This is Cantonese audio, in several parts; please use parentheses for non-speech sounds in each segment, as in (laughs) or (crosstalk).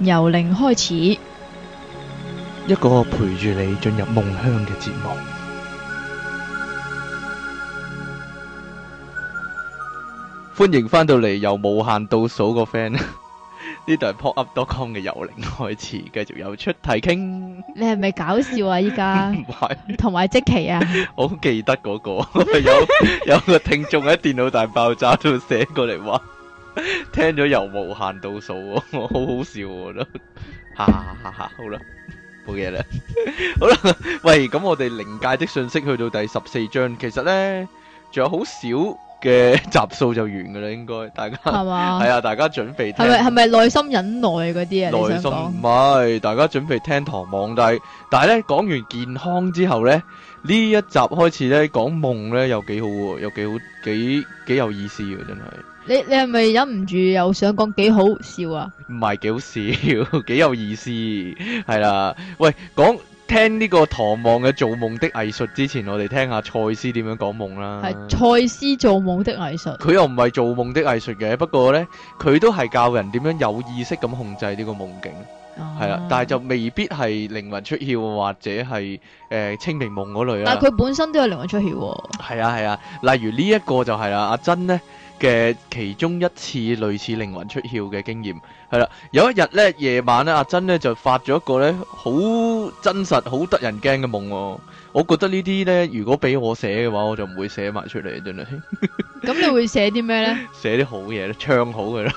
由零開始，一個陪住你進入夢鄉嘅節目。歡迎翻到嚟由無限倒數個 friend，呢度係 pop up dot com 嘅由零開始，繼續有出題傾。你係咪搞笑啊依家？唔係，同埋 (laughs) 是即期啊。我好 (laughs) 記得嗰、嗰個有有一個聽眾喺電腦大爆炸度寫過嚟話。 (laughs) 聽咗又無限倒數，哦，好好笑，哦，我都，哈，哈哈哈！好啦，冇嘢啦，好啦，喂，咁我哋靈界的信息去到第十四章，其實呢，仲有好少嘅集數就完噶啦，應該大家係吧啊，大家準備係咪係咪內心忍耐嗰啲啊？內心唔係，大家準備聽唐望，但係，但係呢，講完健康之後呢，呢一集開始呢，講夢呢，又幾好，又幾好，幾幾有意思嘅真係。你你係咪忍唔住又想講幾好笑啊？唔係幾好笑，幾有意思係啦。喂，講聽呢個唐望嘅做夢的藝術之前，我哋聽下賽斯點樣講夢啦。係賽斯做夢的藝術，佢又唔係做夢的藝術嘅，不過呢，佢都係教人點樣有意識咁控制呢個夢境，係啦、啊。但係就未必係靈魂出竅或者係誒、呃、清明夢嗰類啦。但係佢本身都有靈魂出竅、哦。係啊係啊，例如呢一個就係啦，阿珍呢。嘅其中一次類似靈魂出竅嘅經驗係啦，有一日咧，夜晚咧，阿珍咧就發咗一個咧好真實、好得人驚嘅夢喎、哦。我覺得呢啲呢，如果俾我寫嘅話，我就唔會寫埋出嚟，真係。咁你會寫啲咩呢？寫啲好嘢咧，唱好嘅啦。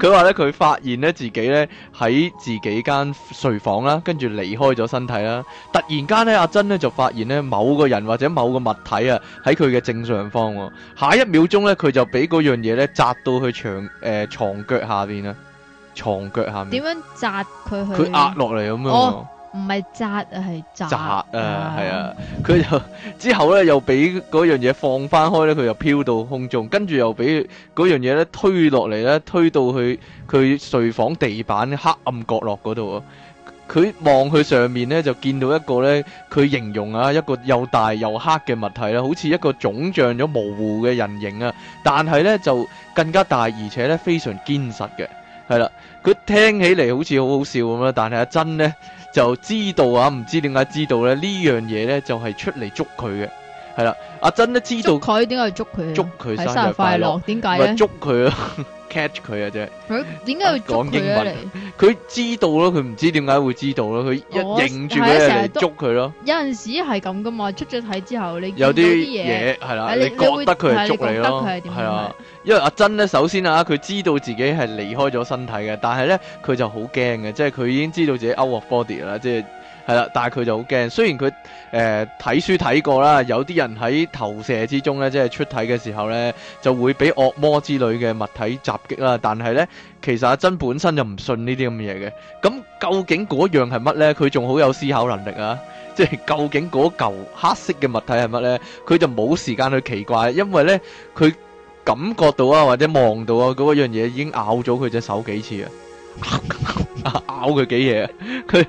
佢話咧，佢發現咧自己咧喺自己間睡房啦，跟住離開咗身體啦。突然間咧，阿珍咧就發現咧某個人或者某個物體啊喺佢嘅正上方。下一秒鐘咧，佢就俾嗰樣嘢咧砸到去床誒床腳下邊啦，床腳下面。點樣砸佢去？佢壓落嚟咁樣。唔係扎，扎，扎啊，係扎啊，係啊。佢就之後呢，又俾嗰樣嘢放翻開呢，佢又飄到空中，跟住又俾嗰樣嘢推落嚟，推到去佢睡房地板黑暗角落嗰度啊。佢望佢上面呢，就見到一個呢，佢形容啊，一個又大又黑嘅物體啦，好似一個腫脹咗模糊嘅人形啊。但係呢，就更加大，而且呢，非常堅實嘅係啦。佢、啊、聽起嚟好似好好笑咁啦，但係阿珍呢，就知道啊，唔知點解知道咧？樣呢樣嘢咧就係、是、出嚟捉佢嘅，係啦。阿珍都知道佢點解要捉佢？捉佢生日快樂，點解咧？捉佢啊！抓 (laughs) Catch 佢啊！啫，佢點解要捉佢咧？佢知道咯，佢唔知點解會知道咯。佢一我認住佢嚟捉佢咯？他有陣時係咁噶嘛，出咗體之後，你有啲嘢係啦，你覺得佢嚟捉你咯？係啊，因為阿珍咧，首先啊，佢知道自己係離開咗身體嘅，但係咧，佢就好驚嘅，即係佢已經知道自己 out of body 啦，即係。係啦，但係佢就好驚。雖然佢誒睇書睇過啦，有啲人喺投射之中咧，即係出體嘅時候咧，就會俾惡魔之類嘅物體襲擊啦。但係咧，其實阿珍本身就唔信呢啲咁嘅嘢嘅。咁究竟嗰樣係乜咧？佢仲好有思考能力啊！即係究竟嗰嚿黑色嘅物體係乜咧？佢就冇時間去奇怪，因為咧，佢感覺到啊，或者望到啊，嗰樣嘢已經咬咗佢隻手幾次啊！ (laughs) (laughs) 咬佢幾嘢，啊，佢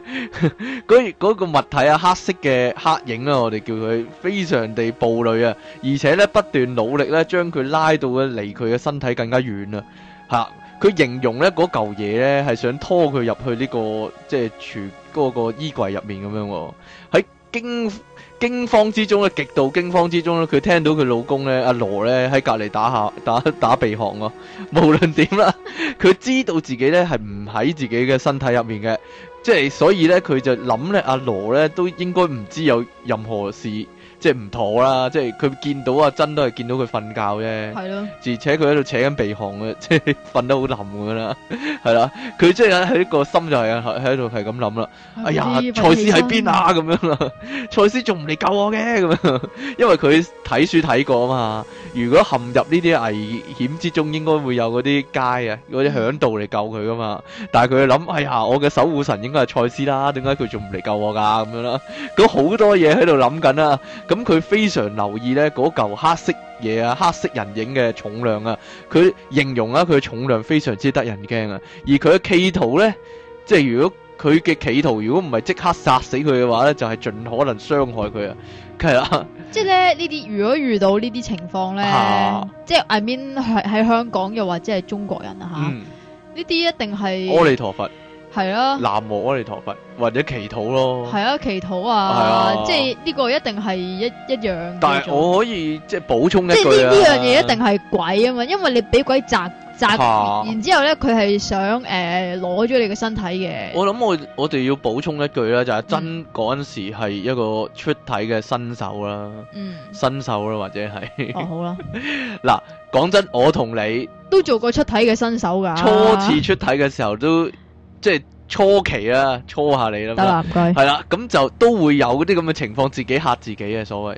嗰個個物體啊，黑色嘅黑影啊，我哋叫佢非常地暴戾啊，而且咧不斷努力咧將佢拉到嘅離佢嘅身體更加遠啊。吓，佢形容咧嗰舊嘢咧係想拖佢入去呢，呢個即係廚嗰個衣櫃入面咁樣喎，啊。喺驚驚慌之中咧，極度驚慌之中咧，佢聽到佢老公咧，阿羅咧喺隔籬打下打打鼻鼾咯、哦。無論點啦，佢知道自己咧係唔喺自己嘅身體入面嘅，即係所以咧，佢就諗咧，阿羅咧都應該唔知有任何事。即係唔妥啦！即係佢見到阿珍都係見到佢瞓覺啫，係咯的。而且佢喺度扯緊鼻鼾嘅，即係瞓得好冧咁啦，係啦。佢即係喺個心就係喺喺度係咁諗啦。的哎呀，賽品斯喺邊啊？咁樣啦，賽斯仲唔嚟救我嘅？咁樣，因為佢睇書睇過啊嘛。如果陷入呢啲危險之中，應該會有嗰啲街啊，嗰啲響度嚟救佢噶嘛。但係佢諗，哎呀，我嘅守護神應該係賽斯啦，點解佢仲唔嚟救我噶？咁樣啦，咁好多嘢喺度諗緊啊！咁佢、嗯、非常留意咧，嗰嚿黑色嘢啊，黑色人影嘅重量啊，佢形容啊，佢嘅重量非常之得人驚啊，而佢嘅企圖咧，即係如果佢嘅企圖如果唔係即刻殺死佢嘅話咧，就係、是、盡可能傷害佢啊，係啊。即係咧呢啲如果遇到呢啲情況咧，啊、即係 I mean 喺香港又或者係中國人啊吓，呢啲、嗯、一定係。阿彌陀佛係啊，南無阿彌陀佛，或者祈禱咯，係啊，祈禱啊，即係呢個一定係一一樣。但係我可以即係補充一句，即係呢呢樣嘢一定係鬼啊嘛，因為你俾鬼扎扎完，然之後咧佢係想誒攞咗你嘅身體嘅。我諗我我哋要補充一句啦，就係真嗰陣時係一個出體嘅新手啦，新手啦或者係。哦好啦，嗱，講真，我同你都做過出體嘅新手噶，初次出體嘅時候都。即係初期啊，初下你啦，係啦，咁 (music) 就都會有啲咁嘅情況，自己嚇自己嘅所謂，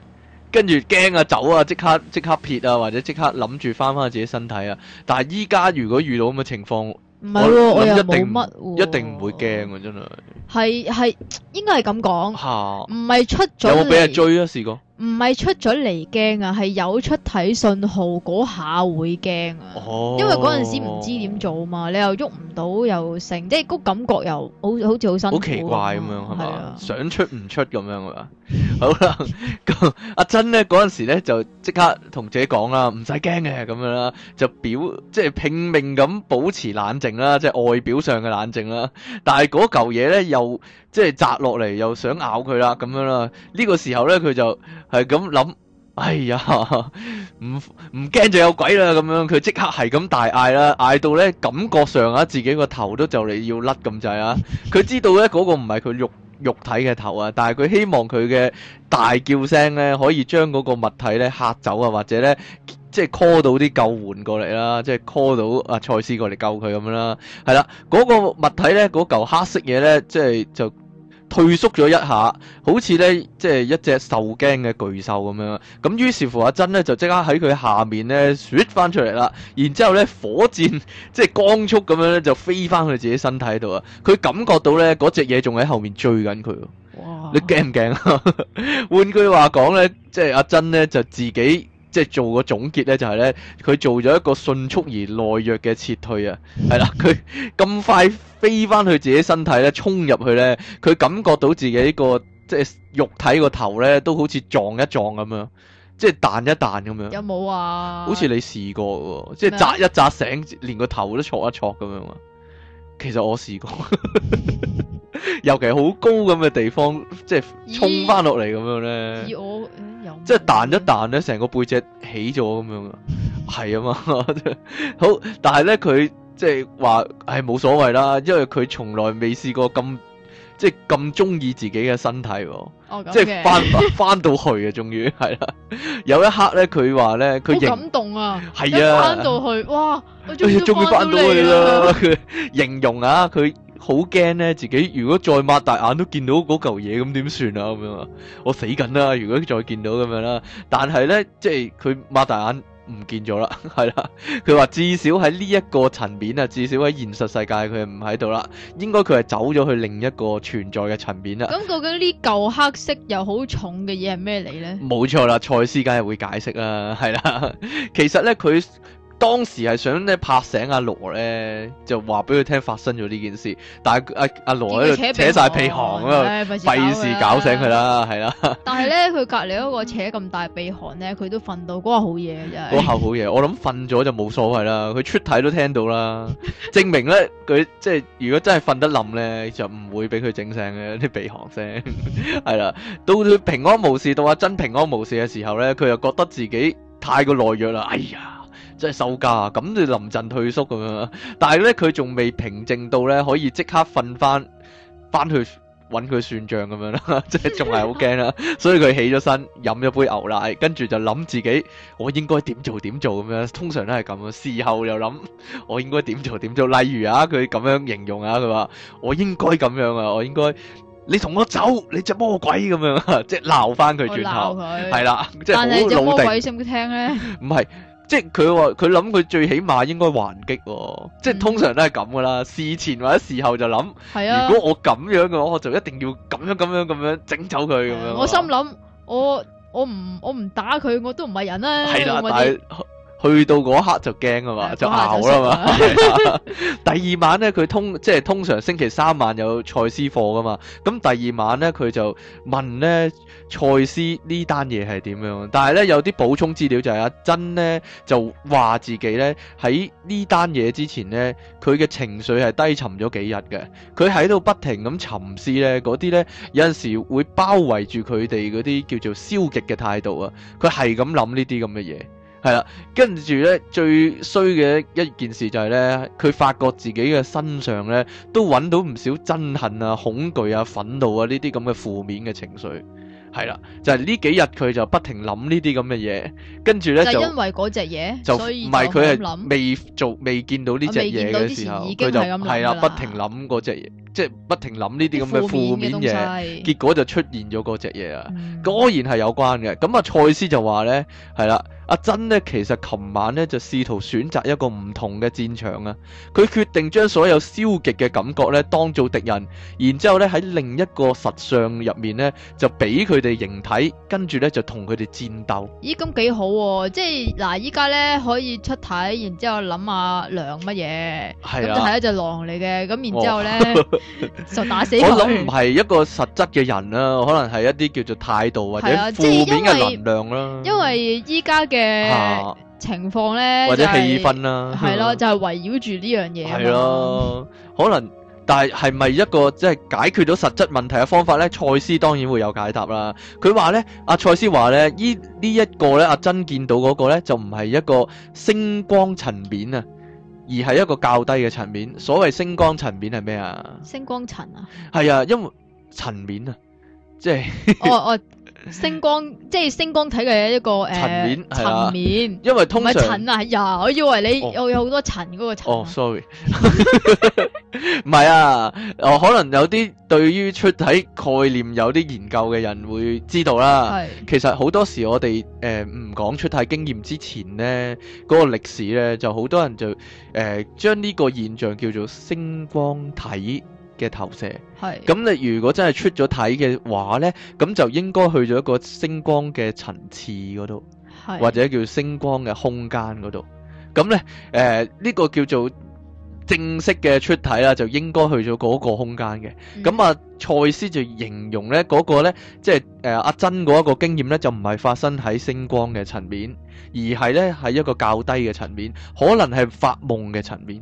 跟住驚啊，走啊，即刻即刻撇啊，或者即刻諗住翻翻自己身體啊。但係依家如果遇到咁嘅情況，唔係我一定、哦、一定唔會驚喎，真係。係係應該係咁講，唔係出咗有冇俾人追啊？試過。唔係出咗嚟驚啊係有出體信號嗰下會驚啊，哦、因為嗰陣時唔知點做嘛，你又喐唔到又成，即係嗰感覺又好好似好辛苦，好奇怪咁樣係咪，吧是啊、想出唔出咁樣啊？好啦，阿珍咧嗰陣時咧就即刻同自己講啦，唔使驚嘅咁樣啦，就表即係、就是、拼命咁保持冷靜啦，即、就、係、是、外表上嘅冷靜啦，但係嗰嚿嘢咧又。即係摘落嚟又想咬佢啦咁樣啦，呢個時候咧佢就係咁諗，哎呀，唔唔驚就有鬼啦咁樣，佢即刻係咁大嗌啦，嗌到咧感覺上啊自己個頭都就嚟要甩咁滯啊！佢知道咧嗰個唔係佢肉肉體嘅頭啊，但係佢希望佢嘅大叫聲咧可以將嗰個物體咧嚇走啊，或者咧即係 call 到啲救援過嚟啦，即係 call 到阿賽斯過嚟救佢咁樣啦。係啦，嗰個物體咧嗰嚿黑色嘢咧，即係就。退縮咗一下，好似咧即係一隻受驚嘅巨獸咁樣。咁於是乎阿珍咧就即刻喺佢下面咧雪翻出嚟啦。然之後咧火箭即係光速咁樣咧就飛翻去自己身體度啊。佢感覺到咧嗰隻嘢仲喺後面追緊佢。哇！你驚唔驚啊？ (laughs) 換句話講咧，即係阿珍咧就自己。即係做個總結咧，就係、是、咧，佢做咗一個迅速而懦弱嘅撤退啊！係啦，佢咁快飛翻去自己身體咧，衝入去咧，佢感覺到自己、這個即係肉體個頭咧，都好似撞一撞咁樣，即係彈一彈咁樣。有冇啊？好似你試過喎，即係扎一扎醒，麼連個頭都錯一錯咁樣啊！其實我試過， (laughs) 尤其好高咁嘅地方，即係衝翻落嚟咁樣咧。以我～即係彈一彈咧，成個背脊起咗咁樣係啊嘛呵呵。好，但係咧佢即係話，係、哎、冇所謂啦，因為佢從來未試過咁，即係咁中意自己嘅身體。哦，即係翻翻、 (laughs) 啊、到去啊，終於係啦。有一刻咧，佢話咧，佢好感動啊。係啊的，翻到去，哇！終於翻到去啦。佢形容啊，佢。好驚咧！自己如果再擘大眼都見到嗰嚿嘢，咁點算啊？咁樣啊，我死緊啦！如果再見到咁樣啦，但係咧，即係佢擘大眼唔見咗啦，係啦。佢話至少喺呢一個層面啊，至少喺現實世界佢係唔喺度啦，應該佢係走咗去另一個存在嘅層面啦。咁究竟呢嚿黑色又好重嘅嘢係咩嚟咧？冇錯啦，賽斯梗係會解釋啦，係啦。其實咧，佢。當時係想咧拍醒阿羅咧，就話俾佢聽發生咗呢件事，但係阿阿羅喺度扯晒鼻鼾，咁啊，費事搞醒佢啦，係啦。但係咧，佢隔籬嗰個扯咁大鼻鼾咧，佢、嗯、都瞓到嗰下、嗰個、好夜嘅，真係嗰下好夜，我諗瞓咗就冇所謂啦，佢出體都聽到啦， (laughs) 證明咧佢即係如果真係瞓得冧咧，就唔會俾佢整醒嘅啲鼻鼾聲，係啦， (laughs) 到佢平安無事到阿珍平安無事嘅時候咧，佢又覺得自己太過懦弱啦，哎呀！即係收家啊，咁就臨陣退縮咁樣，但係咧佢仲未平靜到咧，可以即刻瞓翻翻去揾佢算賬咁樣啦，即係仲係好驚啦，所以佢起咗身飲咗杯牛奶，跟住就諗自己我應該點做點做咁樣，通常都係咁樣，事後又諗我應該點做點做，例如啊，佢咁樣形容啊，佢話我應該咁樣啊，我應該你同我走，你隻魔鬼咁樣，即係鬧翻佢轉頭，係啦，即係你隻魔鬼識唔識聽咧，唔係。即係佢話佢諗佢最起碼應該還擊，哦，即係通常都係咁噶啦。嗯、事前或者事後就諗，啊、如果我咁樣嘅話，我就一定要咁樣咁樣咁、啊、樣整走佢咁樣。我心諗，我我唔我唔打佢，我都唔係人啦、啊。係啦、啊，們但係。去到嗰一刻就驚啊嘛，就咬啦嘛。 (laughs) (laughs) 第二晚咧，佢通即係通常星期三晚有賽斯課噶嘛。咁第二晚咧，佢就問咧賽斯呢單嘢係點樣？但係咧有啲補充資料就係、是、阿珍咧就話自己咧喺呢單嘢之前咧，佢嘅情緒係低沉咗幾日嘅。佢喺度不停咁沉思咧，嗰啲咧有陣時會包圍住佢哋嗰啲叫做消極嘅態度啊。佢係咁諗呢啲咁嘅嘢。係啦，跟住咧最衰嘅一件事就係咧，佢發覺自己嘅身上咧都揾到唔少憎恨啊、恐懼啊、憤怒啊呢啲咁嘅負面嘅情緒。係啦，就係、是、呢幾日佢就不停諗呢啲咁嘅嘢，跟住咧就因為嗰隻嘢，就唔係佢係未做未見到呢隻嘢嘅時候，佢就係啊，不停諗嗰隻嘢，即、就、係、是、不停諗呢啲咁嘅負面嘢，面結果就出現咗嗰隻嘢啊，嗯、果然係有關嘅。咁啊，賽斯就話咧，係啦，阿珍咧其實琴晚咧就試圖選擇一個唔同嘅戰場啊，佢決定將所有消極嘅感覺咧當做敵人，然之後咧喺另一個實相入面咧就俾佢。哋形體，跟住咧就同佢哋戰鬥。咦，咁幾好喎、啊！即係嗱，依家咧可以出體，然之後諗下狼乜嘢。係啊，係一隻狼嚟嘅。咁然之後咧、哦、 (laughs) 就打死佢。我諗唔係一個實質嘅人啦、啊，可能係一啲叫做態度或者負、啊、面嘅能量啦、啊。因為依家嘅情況咧，或者氣氛啦、啊，係 (laughs) 咯、啊，就係圍繞住呢樣嘢咯。可能。但係係咪一個即係、就是、解決到實質問題嘅方法咧？賽斯當然會有解答啦。佢話咧，阿賽斯話咧，依呢一、這個咧，阿珍見到嗰個咧，就唔係一個星光層面啊，而係一個較低嘅層面。所謂星光層面係咩啊？星光層啊？係啊，因為層面啊，即係。 (laughs) 我我星光即係星光體嘅一個誒層面，層、呃、面、啊，因為通常塵啊，呀、呃，我以為你我、哦、有好多塵、那個塵。哦，sorry，唔係啊，哦 (laughs) (laughs) 啊，可能有啲對於出體概念有啲研究嘅人會知道啦。係是，其實好多時我哋誒唔講出體經驗之前咧，嗰、那個歷史咧就好多人就誒將呢個現象叫做星光體。嘅投射，係咁是你如果真係出咗體嘅話咧，咁就應該去咗一個星光嘅層次嗰度，是或者叫星光嘅空間嗰度。咁咧，誒、呃、呢、這個叫做正式嘅出體啦，就應該去咗嗰個空間嘅。咁、嗯、啊，賽斯就形容咧嗰、那個咧，即係誒阿珍嗰一個經驗咧，就唔係發生喺星光嘅層面，而係咧係一個較低嘅層面，可能係發夢嘅層面。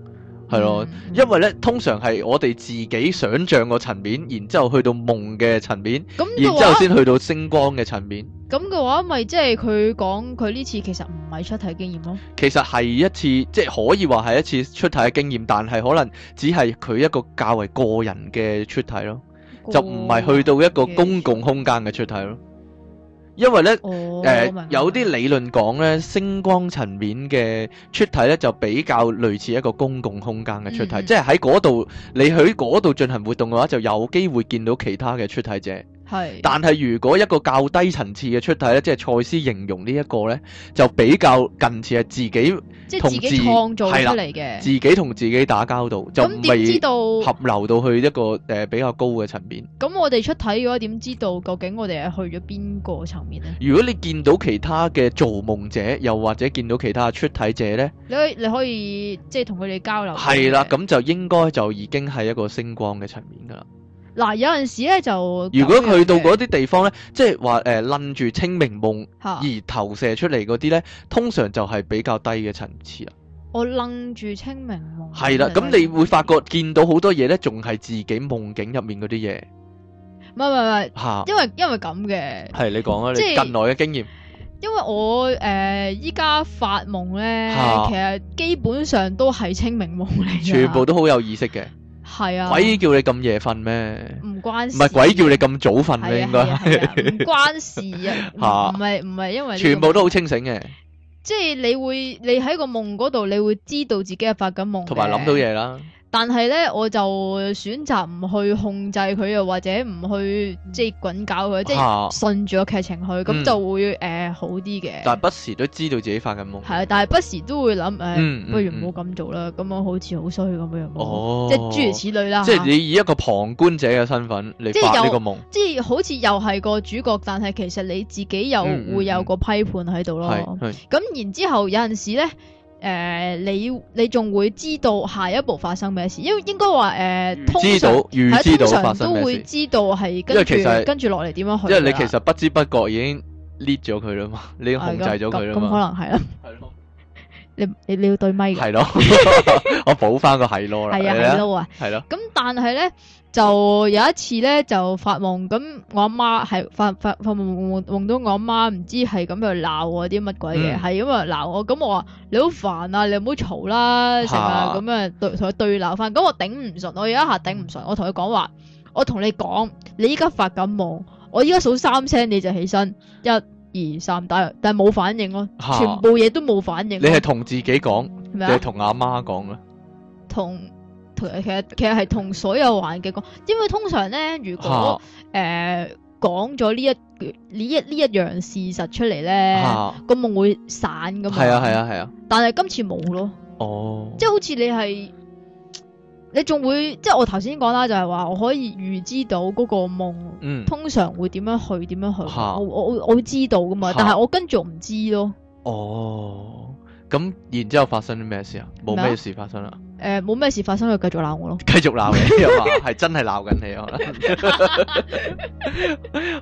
係咯，嗯、因為咧通常係我哋自己想象個層面，然之後去到夢嘅層面，咁然之後先去到星光嘅層面。咁嘅話，咪即係佢講佢呢次其實唔係出體經驗咯。其實係一次，即係可以話係一次出體嘅經驗，但係可能只係佢一個較為個人嘅出體咯，個就唔係去到一個公共空間嘅出體咯。因為咧，誒有啲理論講咧，星光層面嘅出體咧就比較類似一個公共空間嘅出體，嗯嗯，即係喺嗰度你喺嗰度進行活動嘅話就有機會見到其他嘅出體者。係，是但係如果一個較低層次嘅出體咧，即係賽斯形容呢一個咧，就比較近似係自己，自己即係自己創造出嚟嘅，自己同自己打交道，就未合流到去一個誒、呃、比較高嘅層面。咁我哋出體嘅話，點知道究竟我哋係去咗邊個層面咧？如果你見到其他嘅造夢者，又或者見到其他的出體者咧，你可以你可以即係同佢哋交流。係啦，咁就應該就已經係一個星光嘅層面噶啦。嗱，有陣時咧就如果去到嗰啲地方咧，即係話誒，楞、呃、住清明夢而投射出嚟嗰啲咧，通常就係比較低嘅層次啊。我愣住清明夢係啦，咁你會發覺見到好多嘢咧，仲係自己夢境入面嗰啲嘢。唔係唔係唔係，因為因為咁嘅係你講啊，即係近來嘅經驗。因為我誒依家發夢咧，啊、其實基本上都係清明夢嚟，全部都好有意識嘅。係啊！鬼叫你咁夜瞓咩？唔關事，唔係鬼叫你咁早瞓咩？應該唔關事啊！吓，唔係唔係因為全部都好清醒嘅，即係你會你喺個夢嗰度，你會知道自己係發緊夢，同埋諗到嘢啦。但係咧，我就選擇唔去控制佢，又或者唔去即係滾搞佢，即係順住個劇情去，咁、嗯、就會誒、呃、好啲嘅。但係不時都知道自己發緊夢。係，但係不時都會諗，誒、欸、嗯嗯、不如唔好咁做啦，咁、嗯嗯、樣好似好衰咁樣，即係諸如此類啦。即係你以一個旁觀者嘅身份嚟發呢個夢，即係好似又係個主角，但係其實你自己又會有個批判喺度咯。咁、嗯嗯嗯、然之後有陣時咧。誒，你你仲會知道下一步發生咩事？因為應該話誒，通常都會知道係跟住跟住落嚟點樣去，因為你其實不知不覺已經捏咗佢啦嘛，你已經控制咗佢啦嘛。咁可能係啦，係咯，你你你要對咪嘅係咯，我補翻個係咯啦，係啊，係咯啊，係咯。咁但係咧，就有一次咧，就發夢咁，我阿媽係發發發夢夢到我阿媽，唔知係咁就鬧我啲乜鬼嘢，係咁啊鬧我，咁我話你好煩啊，你唔好嘈啦，成日啊咁啊對同佢對鬧翻，咁我頂唔順，我有一下頂唔順，我同佢講話，我同你講，你依家發緊夢，我依家數三聲你就起身，一、二、三，打但但係冇反應咯，啊，全部嘢都冇反應，啊啊。你係同自己講，你係同阿媽講啊？同。其實其實係同所有環境講，因為通常咧，如果誒講咗呢一呢一呢一樣事實出嚟，咧個夢、啊、會散噶嘛。係啊係啊係啊！啊啊但係今次冇咯。哦，即係好似你係你仲會，即係我頭先講啦，就係話我可以預知到嗰個夢、嗯、通常會點樣去，點樣去，啊、我我我會知道噶嘛。啊、但係我跟住唔知咯。哦，咁然之後發生啲咩事啊？冇咩事發生啦？誒冇咩事發生，佢繼續鬧我咯。繼續鬧你啊！係 (laughs) 真係鬧緊你哦。 (laughs)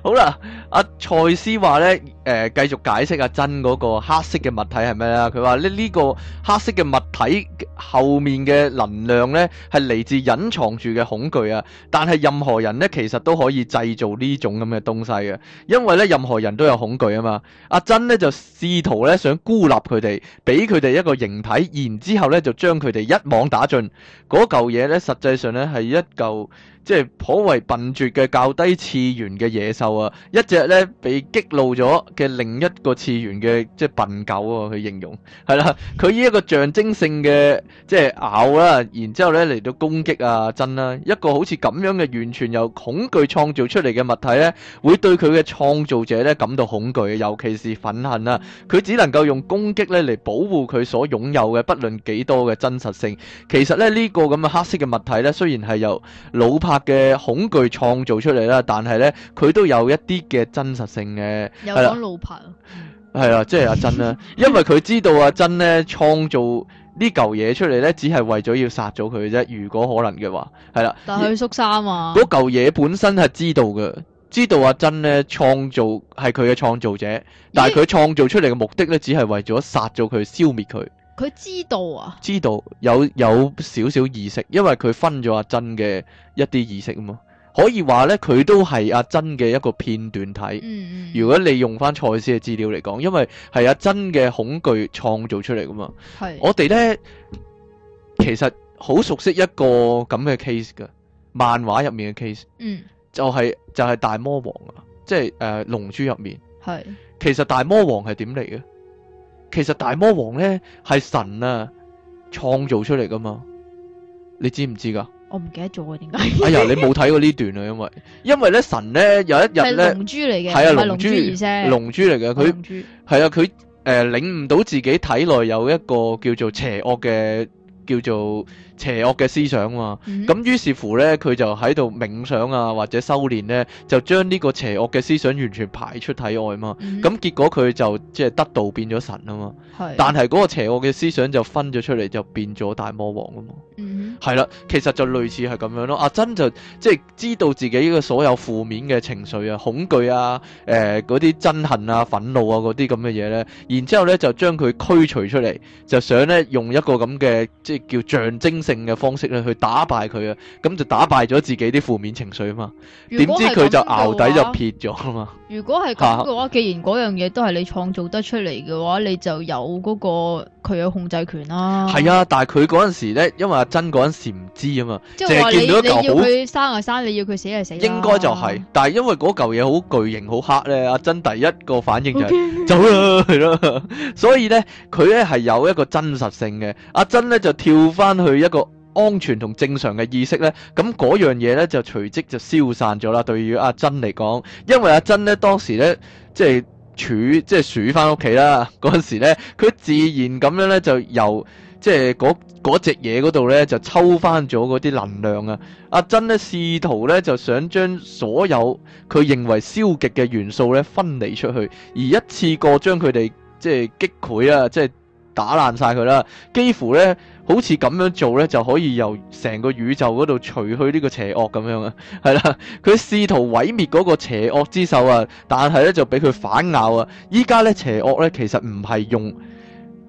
(laughs) 好啦，阿賽斯話咧。誒，繼續解釋阿珍嗰個黑色嘅物體係咩咧？佢話咧，呢個黑色嘅物體後面嘅能量呢，係嚟自隱藏住嘅恐懼啊！但係任何人呢，其實都可以製造呢種咁嘅東西嘅，因為呢，任何人都有恐懼啊嘛。阿珍呢，就試圖呢，想孤立佢哋，俾佢哋一個形體，然之後咧就將佢哋一網打盡。嗰嚿嘢呢，實際上呢，係一嚿。即係頗為笨拙嘅較低次元嘅野獸啊！一隻咧被激怒咗嘅另一個次元嘅即係笨狗啊！去形容係啦，佢以一個象徵性嘅即係咬啦、啊，然之後咧嚟到攻擊啊，真啦、啊！一個好似咁樣嘅完全由恐懼創造出嚟嘅物體咧，會對佢嘅創造者咧感到恐懼尤其是憤恨啊！佢只能夠用攻擊咧嚟保護佢所擁有嘅，不論幾多嘅真實性。其實咧呢、這個咁嘅黑色嘅物體咧，雖然係由老派。拍嘅恐懼創造出嚟啦，但係呢，佢都有一啲嘅真實性嘅有啦，老拍係啦，即係、就是、阿珍啦， (laughs) 因為佢知道阿珍呢創造呢嚿嘢出嚟呢，只係為咗要殺咗佢啫。如果可能嘅話，係啦，但係佢縮沙嘛，嗰嚿嘢本身係知道嘅，知道阿珍呢創造係佢嘅創造者，但係佢創造出嚟嘅目的呢，只係為咗殺咗佢，消滅佢。佢知道啊，知道有有少少意識，因為佢分咗阿珍嘅一啲意識啊嘛，可以話呢，佢都係阿珍嘅一個片段體。嗯嗯，如果你用翻賽斯嘅資料嚟講，因為係阿珍嘅恐懼創造出嚟啊嘛，係，我哋呢，其實好熟悉一個咁嘅 case 噶，漫畫入面嘅 case，嗯，就係、就係大魔王啊，即係誒龍珠入面，係，其實大魔王係點嚟嘅？其實大魔王咧係神啊創造出嚟噶嘛，你知唔知噶？我唔記得咗啊，點解？ (laughs) 哎呀，你冇睇過呢段啊，因為因為咧神咧有一日咧，係龍珠嚟嘅，係啊龍珠，龍珠嚟嘅，佢係啊佢誒、呃，領悟到自己體內有一個叫做邪惡嘅，叫做。邪惡嘅思想啊嘛，咁於、mm hmm. 是乎咧，佢就喺度冥想啊，或者修煉咧，就將呢個邪惡嘅思想完全排出體外嘛。咁、mm hmm. 結果佢就即係、就是、得道變咗神啊嘛。係是，但係嗰個邪惡嘅思想就分咗出嚟，就變咗大魔王啊嘛。嗯、mm，係、hmm. 啦，其實就類似係咁樣咯。阿珍就即係知道自己嘅所有負面嘅情緒啊、恐懼啊、誒、呃、嗰啲憎恨啊、憤怒啊嗰啲咁嘅嘢咧，然之後咧就將佢驅除出嚟，就想咧用一個咁嘅即係叫象徵。定嘅方式去去打敗佢啊，咁就打敗咗自己啲負面情緒啊嘛，點知佢就淆底就撇咗啊嘛。如果係咁嘅話，啊、既然嗰樣嘢都係你創造得出嚟嘅話，你就有嗰個佢嘅控制權啦。係啊，但係佢嗰陣時咧，因為阿珍嗰陣時唔知啊嘛，即係見到一你要佢生呀生，你要佢死呀死，應該就係、是。但係因為嗰嚿嘢好巨型好黑咧，阿珍第一個反應就走、是、啦，係咯 Okay.。 (laughs) 所以咧，佢咧係有一個真實性嘅。阿珍咧就跳翻去一個。安全同正常嘅意識呢，咁嗰樣嘢呢就隨即就消散咗啦。對於阿珍嚟講，因為阿珍呢當時呢，即係處即係處翻屋企啦，嗰陣時咧佢自然咁樣呢，就由即係嗰隻嘢嗰度呢，那個、就抽翻咗嗰啲能量啊！阿珍呢，試圖呢，就想將所有佢認為消極嘅元素呢，分離出去，而一次過將佢哋即係擊潰啊！即係。打爛晒佢啦！幾乎咧，好似咁樣做咧，就可以由成個宇宙嗰度除去呢個邪惡咁樣啊！係啦，佢試圖毀滅嗰個邪惡之手啊，但係咧就俾佢反咬啊！依家咧邪惡咧其實唔係用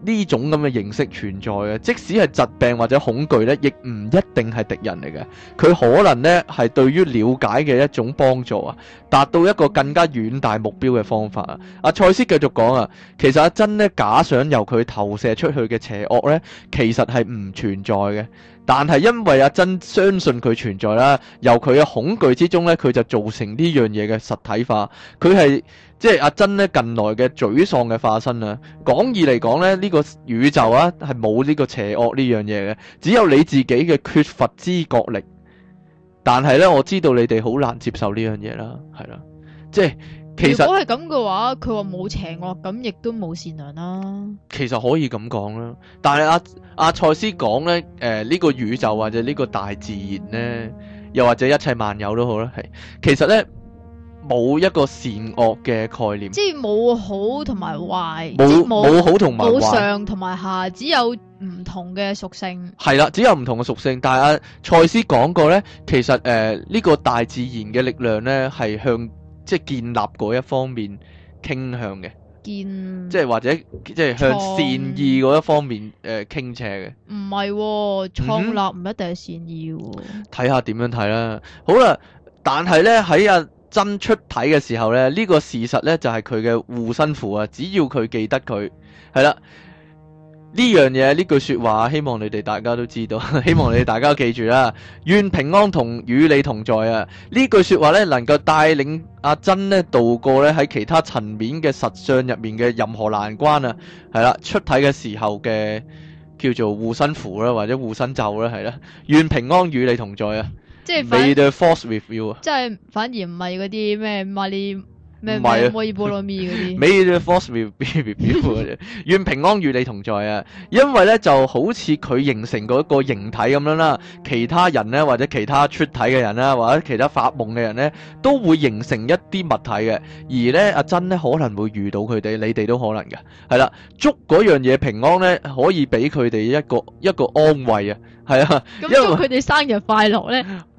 呢種咁嘅形式存在嘅，即使係疾病或者恐懼呢，亦唔一定係敵人嚟嘅。佢可能呢係對於了解嘅一種幫助啊，達到一個更加遠大目標嘅方法啊。阿賽斯繼續講啊，其實阿珍呢假想由佢投射出去嘅邪惡呢，其實係唔存在嘅。但係因為阿珍相信佢存在啦，由佢嘅恐懼之中咧，佢就造成呢樣嘢嘅實體化。佢係即係阿珍咧近來嘅沮喪嘅化身啊！廣義嚟講咧，呢個宇宙啊係冇呢個邪惡呢樣嘢嘅，只有你自己嘅缺乏知覺力。但係咧，我知道你哋好難接受呢樣嘢啦，係啦，即係。如果係咁嘅話，佢話冇邪惡，咁亦都冇善良啦、啊。其實可以咁講啦，但係阿阿賽斯講咧，誒、呃、呢、個宇宙或者呢個大自然咧，嗯、又或者一切萬有都好啦。係其實咧冇一個善惡嘅概念，即係冇好同埋壞，冇冇好同埋冇上同埋下，只有唔同嘅屬性。係啦，只有唔同嘅屬性。但係阿賽斯講過咧，其實誒呢、呃個大自然嘅力量咧係向。即係建立嗰一方面傾向嘅建，即係或者即係向善意嗰一方面誒創、呃、傾斜嘅。唔係、哦，創立唔一定係善意喎、哦。睇、嗯、下點樣睇啦。好啦，但係咧喺阿珍出體嘅時候咧，呢、這個事實咧就係佢嘅護身符啊。只要佢記得佢係啦。呢樣嘢，呢句說話，希望你哋大家都知道，希望你哋大家記住啦。 (laughs) 願平安同與你同在啊！呢句說話咧，能夠帶領阿珍呢度過咧喺其他層面嘅實相入面嘅任何難關啊！係啦，出體嘅時候嘅叫做護身符啦，或者護身咒啦，係啦。願平安與你同在啊！即係你 the force with you 啊！即係反而唔係嗰啲咩咪呢？唔係啊，菠蘿蜜嗰啲。May the force be be be 願平安與你同在啊！因為咧就好似佢形成嗰個形體咁樣啦，其他人咧或者其他出體嘅人啦，或者其他發夢嘅人咧，都會形成一啲物體嘅。而咧阿珍咧可能會遇到佢哋，你哋都可能嘅。係啦，祝嗰樣嘢平安咧，可以俾佢哋一個一個安慰啊。係啊， (laughs) 嗯、因為祝佢哋生日快樂咧。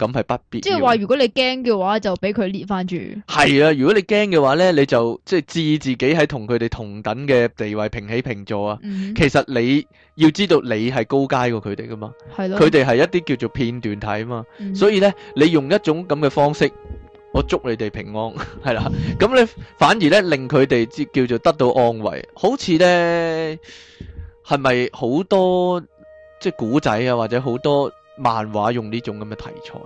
咁係不必。即係話，如果你驚嘅話，就俾佢列翻住。係啊，如果你驚嘅話咧，你就即係置自己喺同佢哋同等嘅地位平起平坐啊。其實你要知道，你係高階過佢哋噶嘛。係咯，佢哋係一啲叫做片段體啊嘛。所以咧，你用一種咁嘅方式，我祝你哋平安，係啦。咁你反而咧，令佢哋叫叫做得到安慰。好似咧，係咪好多即係古仔啊，或者好多？漫畫用呢種咁嘅題材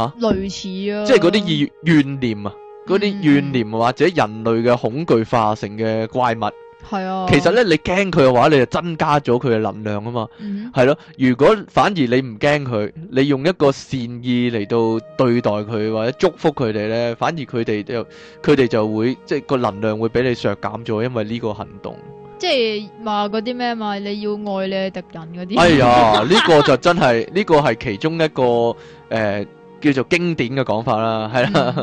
啊，吓類似啊，即係嗰啲怨怨念啊，嗰啲怨念或者人類嘅恐懼化成嘅怪物，係啊，其實咧你驚佢嘅話，你就增加咗佢嘅能量啊嘛，係咯，如果反而你唔驚佢，你用一個善意嚟到對待佢或者祝福佢哋咧，反而佢哋就佢哋就會即係個能量會俾你削減咗，因為呢個行動。即係話嗰啲咩嘛？你要愛你嘅敵人嗰啲。哎呀，呢、這個就真係呢 (laughs) 個係其中一個誒、呃、叫做經典嘅講法啦。係啦、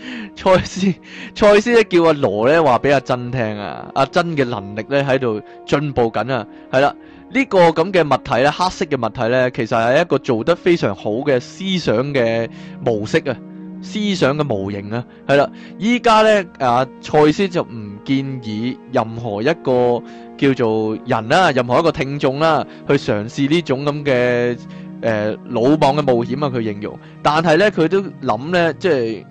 嗯，賽斯，賽斯咧叫阿羅咧話俾阿珍聽啊，阿珍嘅能力咧喺度進步緊啊。係啦，呢、這個咁嘅物體咧，黑色嘅物體咧，其實係一個做得非常好嘅思想嘅模式啊。思想嘅模型啊，係啦，依家咧啊，賽斯就唔建議任何一個叫做人啦、啊，任何一個聽眾啦、啊，去嘗試呢種咁嘅誒魯莽嘅冒險啊，佢形容。但係咧，佢都諗咧，即係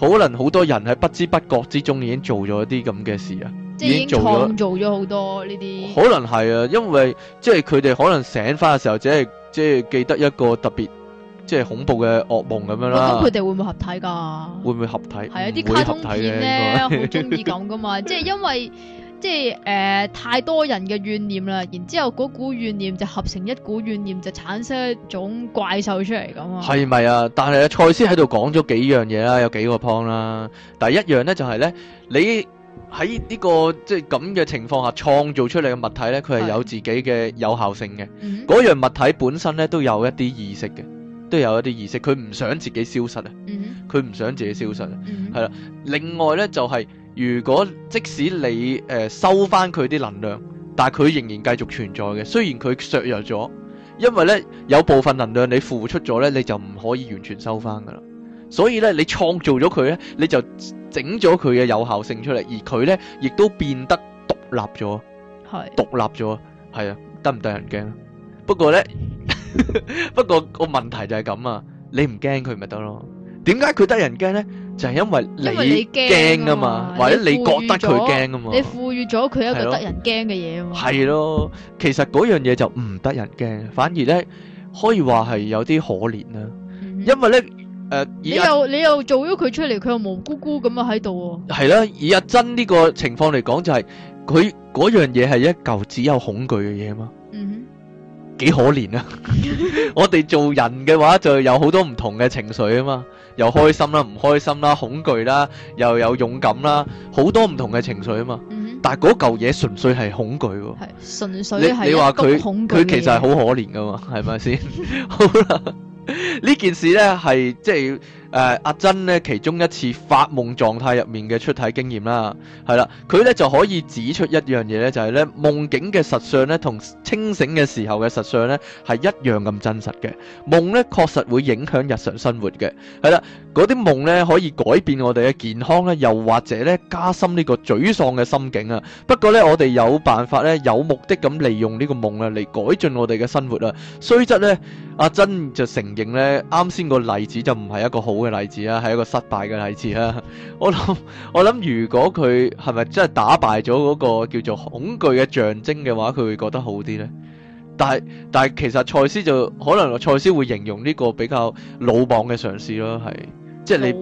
可能好多人喺不知不覺之中已經做咗一啲咁嘅事啊，即係已經創造咗好多呢啲。可能係啊，因為即係佢哋可能醒翻嘅時候只係，即係即係記得一個特別。即係恐怖嘅噩夢咁樣啦。咁佢哋會唔會合體噶？會唔會合體？係啊，啲卡通片咧好中意咁噶嘛。 (laughs) 即係因為即係誒、呃、太多人嘅怨念啦，然之後嗰股怨念就合成一股怨念，就產生一種怪獸出嚟咁啊。係咪啊？但係啊，賽斯喺度講咗幾樣嘢啦，有幾個 point 啦。第一樣咧就係、是、咧，你喺呢、這個即係咁嘅情況下創造出嚟嘅物體咧，佢係有自己嘅有效性嘅。嗰的樣物體本身咧都有一啲意識嘅。都有一啲意識，佢唔想自己消失啊！佢唔、嗯、哼想自己消失啊！係啦、嗯哼，另外呢，就係、是，如果即使你誒、呃、收翻佢啲能量，但係佢仍然繼續存在嘅，雖然佢削弱咗，因為呢，有部分能量你付出咗呢，你就唔可以完全收翻噶啦。所以呢，你創造咗佢呢，你就整咗佢嘅有效性出嚟，而佢呢，亦都變得獨立咗，係獨的立咗，係啊，得唔得人驚？不過呢。不過個問題就係咁啊，你唔驚佢咪得咯？點解佢得人驚咧？就係因為你驚啊嘛，或者你覺得佢驚啊嘛，你賦予咗佢一個得人驚嘅嘢啊嘛。係咯，其實嗰樣嘢就唔得人驚，反而咧可以話係有啲可憐啊。因為咧，誒，你又你又做咗佢出嚟，佢又無辜辜咁啊喺度。係啦，以阿珍呢個情況嚟講，就係佢嗰樣嘢係一嚿只有恐懼嘅嘢嘛。幾可憐啊！ (laughs) 我哋做人嘅話，就有好多唔同嘅情緒啊嘛，又開心啦，唔開心啦，恐懼啦，又有勇敢啦，好多唔同嘅情緒啊嘛。嗯、哼但係嗰嚿嘢純粹係恐懼，係純粹係恐懼。你你話佢佢其實係好可憐噶嘛？係咪 (laughs) 先？好啦，呢件事咧係即係。呃、阿珍咧，其中一次發夢狀態入面嘅出體經驗啦，係啦，佢咧就可以指出一樣嘢咧，就係咧夢境嘅實相咧，同清醒嘅時候嘅實相咧係一樣咁真實嘅。夢咧確實會影響日常生活嘅，係啦。嗰啲夢咧可以改變我哋嘅健康咧，又或者咧加深呢個沮喪嘅心境啊。不過咧，我哋有辦法咧，有目的咁利用呢個夢啊，嚟改進我哋嘅生活啦、啊。雖則咧，阿珍就承認咧，啱先個例子就唔係一個好嘅例子啦、啊，係一個失敗嘅例子啦、啊。我諗我諗，如果佢係咪真係打敗咗嗰個叫做恐懼嘅象徵嘅話，佢會覺得好啲咧。但係但係，其實賽斯就可能賽斯會形容呢個比較魯莽嘅嘗試咯，係。即係你，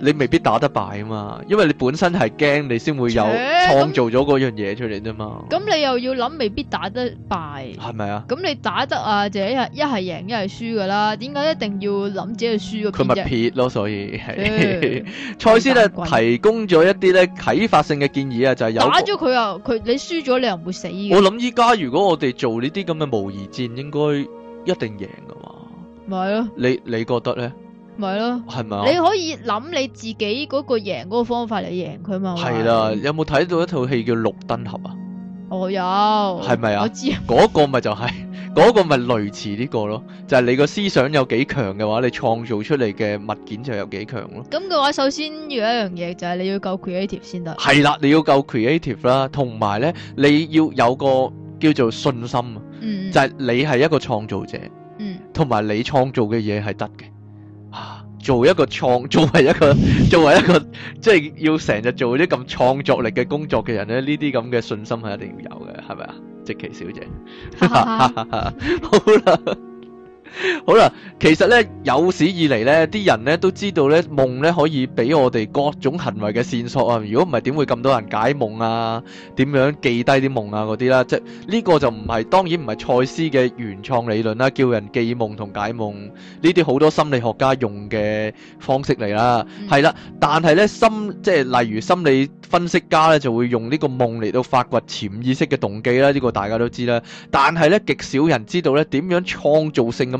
你未必打得敗啊嘛，因為你本身係驚，你先會有創造咗嗰樣嘢出嚟啫嘛。咁你又要諗，未必打得敗，係咪啊？咁你打得啊，就一係一係贏，一係輸噶啦。點解一定要諗自己輸個？佢咪撇咯，所以係。賽斯咧提供咗一啲咧啟發性嘅建議啊，就係、有、打咗佢啊，佢你輸咗你又唔會死。我諗依家如果我哋做呢啲咁嘅模擬戰，應該一定贏噶嘛。係啊，你你覺得咧？咪咯，你可以諗你自己嗰個贏嗰個方法嚟贏佢嘛。係啦，有冇睇到一套戲叫《綠燈俠》啊？哦，有，係咪啊？我知嗰個咪就係、是、嗰 (laughs) 個咪類似呢個咯，就係、是、你個思想有幾強嘅話，你創造出嚟嘅物件就有幾強咯。咁嘅話，首先要一樣嘢就係你要夠 creative 先得。係啦、啊，你要夠 creative 啦，同埋咧你要有個叫做信心。嗯，就係你係一個創造者。嗯，同埋你創造嘅嘢係得嘅。做一個創，作為一個，作為一個，即係要成日做啲咁創作力嘅工作嘅人咧，呢啲咁嘅信心係一定要有嘅，係咪啊？即其小姐，好啦。好啦，其實咧有史以嚟咧，啲人咧都知道咧夢咧可以俾我哋各種行為嘅線索啊。如果唔係，點會咁多人解夢啊？點樣記低啲夢啊？嗰啲啦，即呢、呢個就唔係，當然唔係賽斯嘅原創理論啦。叫人記夢同解夢呢啲好多心理學家用嘅方式嚟啦，係、嗯、啦。但係咧心即係例如心理分析家咧就會用呢個夢嚟到發掘潛意識嘅動機啦。呢、呢個大家都知啦。但係咧極少人知道咧點樣創造性咁。